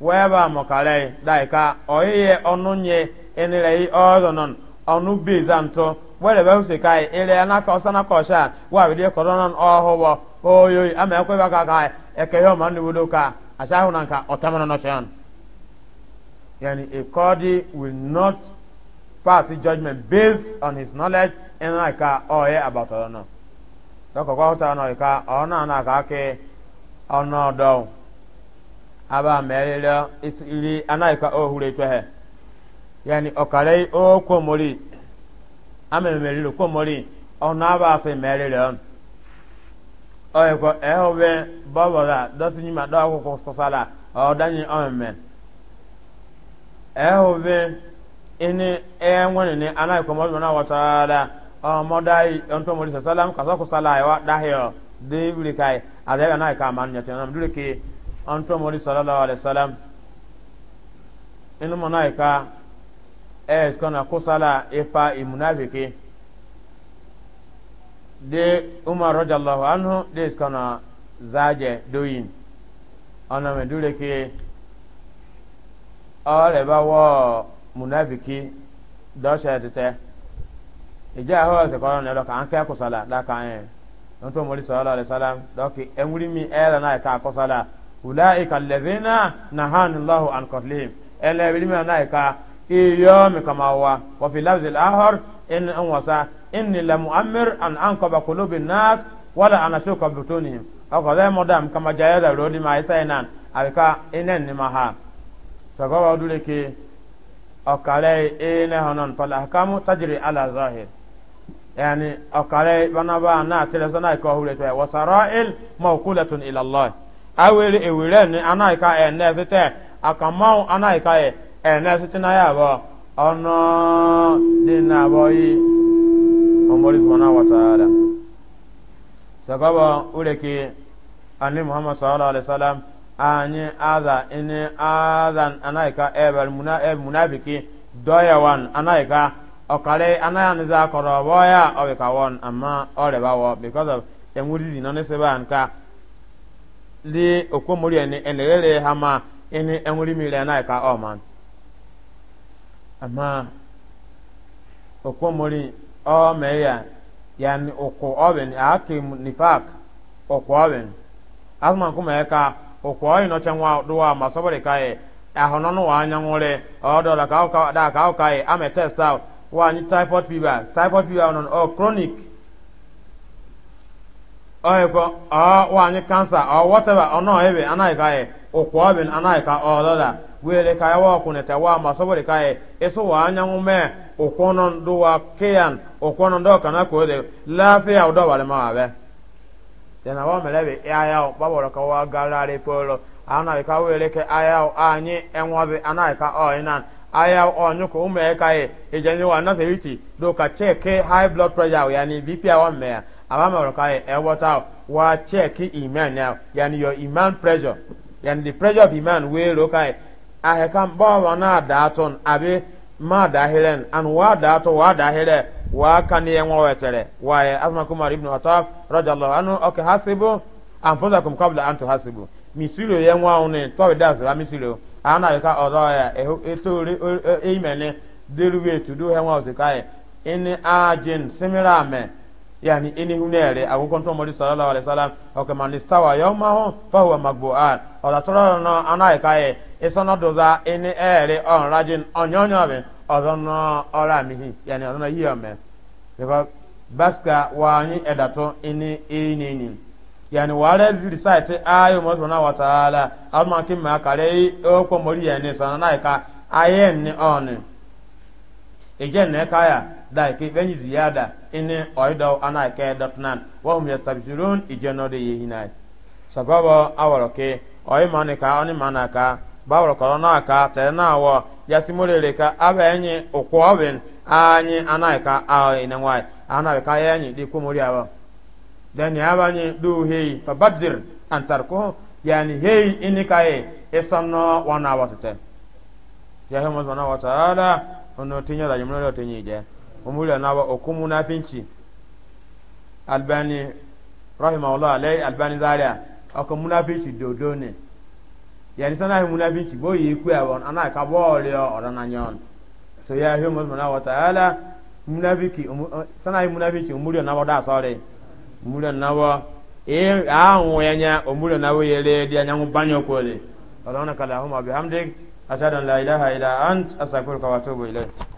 weba mokalai daika oyiye onunye enilei ozonon onu bizanto wele be use kai ile na ka osana ko sha wa bi de korona ohobo oyoyi ama ekwe ba ka kai eke yo man wudo ka asha hu nanka otamana no shan yani a will not pass judgment based on his knowledge and like oye about ono doko ko ta no ka ona na ka ke ono do aba melilo isiri anaika ohure twehe yani okare o komori ame melilo komori ona aba se melilo oye ko ehobe babola dosi nyima do akwụkwọ o danye omeme ehobe ini enwene ne anaika mọdụ na wataala ọmọdai ọntọmọdị sasalam kasakwụsala ya wa dahịọ dị wuri kee an to mori sallallahu alaihi wasallam inu monaika e skona kusala ifa imunafiki de umar radiyallahu anhu de skona zaje doyin ana me dure ke ale ba munafiki do shetete ija ho se kono ne lo kan ka kusala da kan e an to mori sallallahu alaihi wasallam do ki enwuri mi e na ka ulaika alladhina nahana Allahu an qatlihim ele bilima naika iyo mikamawa wa fi lafzi al-ahar in an wasa inni la mu'ammir an anqaba qulubi nas wala ana shuka butunihim aka da modam kama jayada rodi ma isainan alka inen ni maha sagawa dule ke akale ene hanan fal ahkamu tajri ala zahir yani akale bana ba na tele sana ko hule to wa sarail mawqulatun ila Allah awere ewere ni anaika ene site akamau anaika e ene site na ya bo ono di na bo yi omori subhanahu wa ta'ala sababa ureke ani muhammad sallallahu alaihi wasallam anyi aza ini aza anaika ebel muna eb munafiki doyawan anaika ọkara anaghị za akọrọ ọbọ ya ọ bụ ka wọn ama ọ rịba wọ because of enwurizi na n'esebe a nka li okomori ene enelele ha ma ene enwuri mire na ka o man ama okomori o ya yani oko oben aki nifak oko oben azman kuma ka oko oyin no chenwa duwa masobere kai ahono no anya nwore odola ka ka da ka ka amete stout wa ni typhoid fever typhoid fever on o oh, chronic oye ọ o wani kansa ọ whatever ono ebe anai ka e o anaghịka ọdọda were ka o dola wele ka ya wa kune ta wa ma sobori ka e eso wa anya ngume o konon do wa kiyan o konon do kana ko de lafiya o do wale ma be tena wa melebe ya ya o ka wa galare polo anai ka wele ke aya o anyi enwa ka o inan aya onyu ko ume ka e ejenye wa na se witi do ka cheke high blood pressure ya ni e, bp wa me awama wala kai e wa check iman now yani your iman pressure yani the pressure of iman we ro kai a he kan ba wa na da abi ma dahiren an wa da wa dahire wa kan ye wa wetere wa ya e, azma kumar ibn ataf radiyallahu anhu okay hasibu anfusakum qabla an tuhasibu misiro ye nwa one to we das la misiro ana ye ka odo ya etori e, imene deruwe to do he nwa ose kai ini ajin simira me yani ini hunere agogo nto mori sallallahu alaihi wasallam oke man istawa yawmahu fa huwa magbu'an ola toro no anai kai isono doza ini ere on rajin onyonyo bin ozono ora mihi yani ozono yiyome because baska wa anyi edato ini ini ni yani wale zili site ayo mo subhanahu wa ta'ala alman kin ma kare o ko mori yani sono nai ka ayen ni on ejen ne kaya daiki benyi ziyada ini oido ana ke dotnan wa hum yastabshirun ijeno de yihina sababa awroke oyi manika oni manaka bawro korona aka tena wo yasimulele ka abenyi okwoben anyi anaika a inenwai anaika yanyi dikumuri awo dani abanye du hei antarko yani hei e, wana watete ya ono tinya da umuri na oku okun munafinci albani rahimahullah alai albani zaria ọkọ munafinci dodo ne ya sana hi munafinci bo yi ku awon ana ka bo le ọ̀rọ̀ na nyon so ya hi mu na wa ta'ala munafiki sana hi munafinci umuri na wa da sore umuri na wa e ahun yanya umuri na wa yele dia nyangu banyo kole ọ̀rọ̀ na kala huma bihamdik ashhadu an la ilaha illa ant astaghfiruka wa atubu ilayk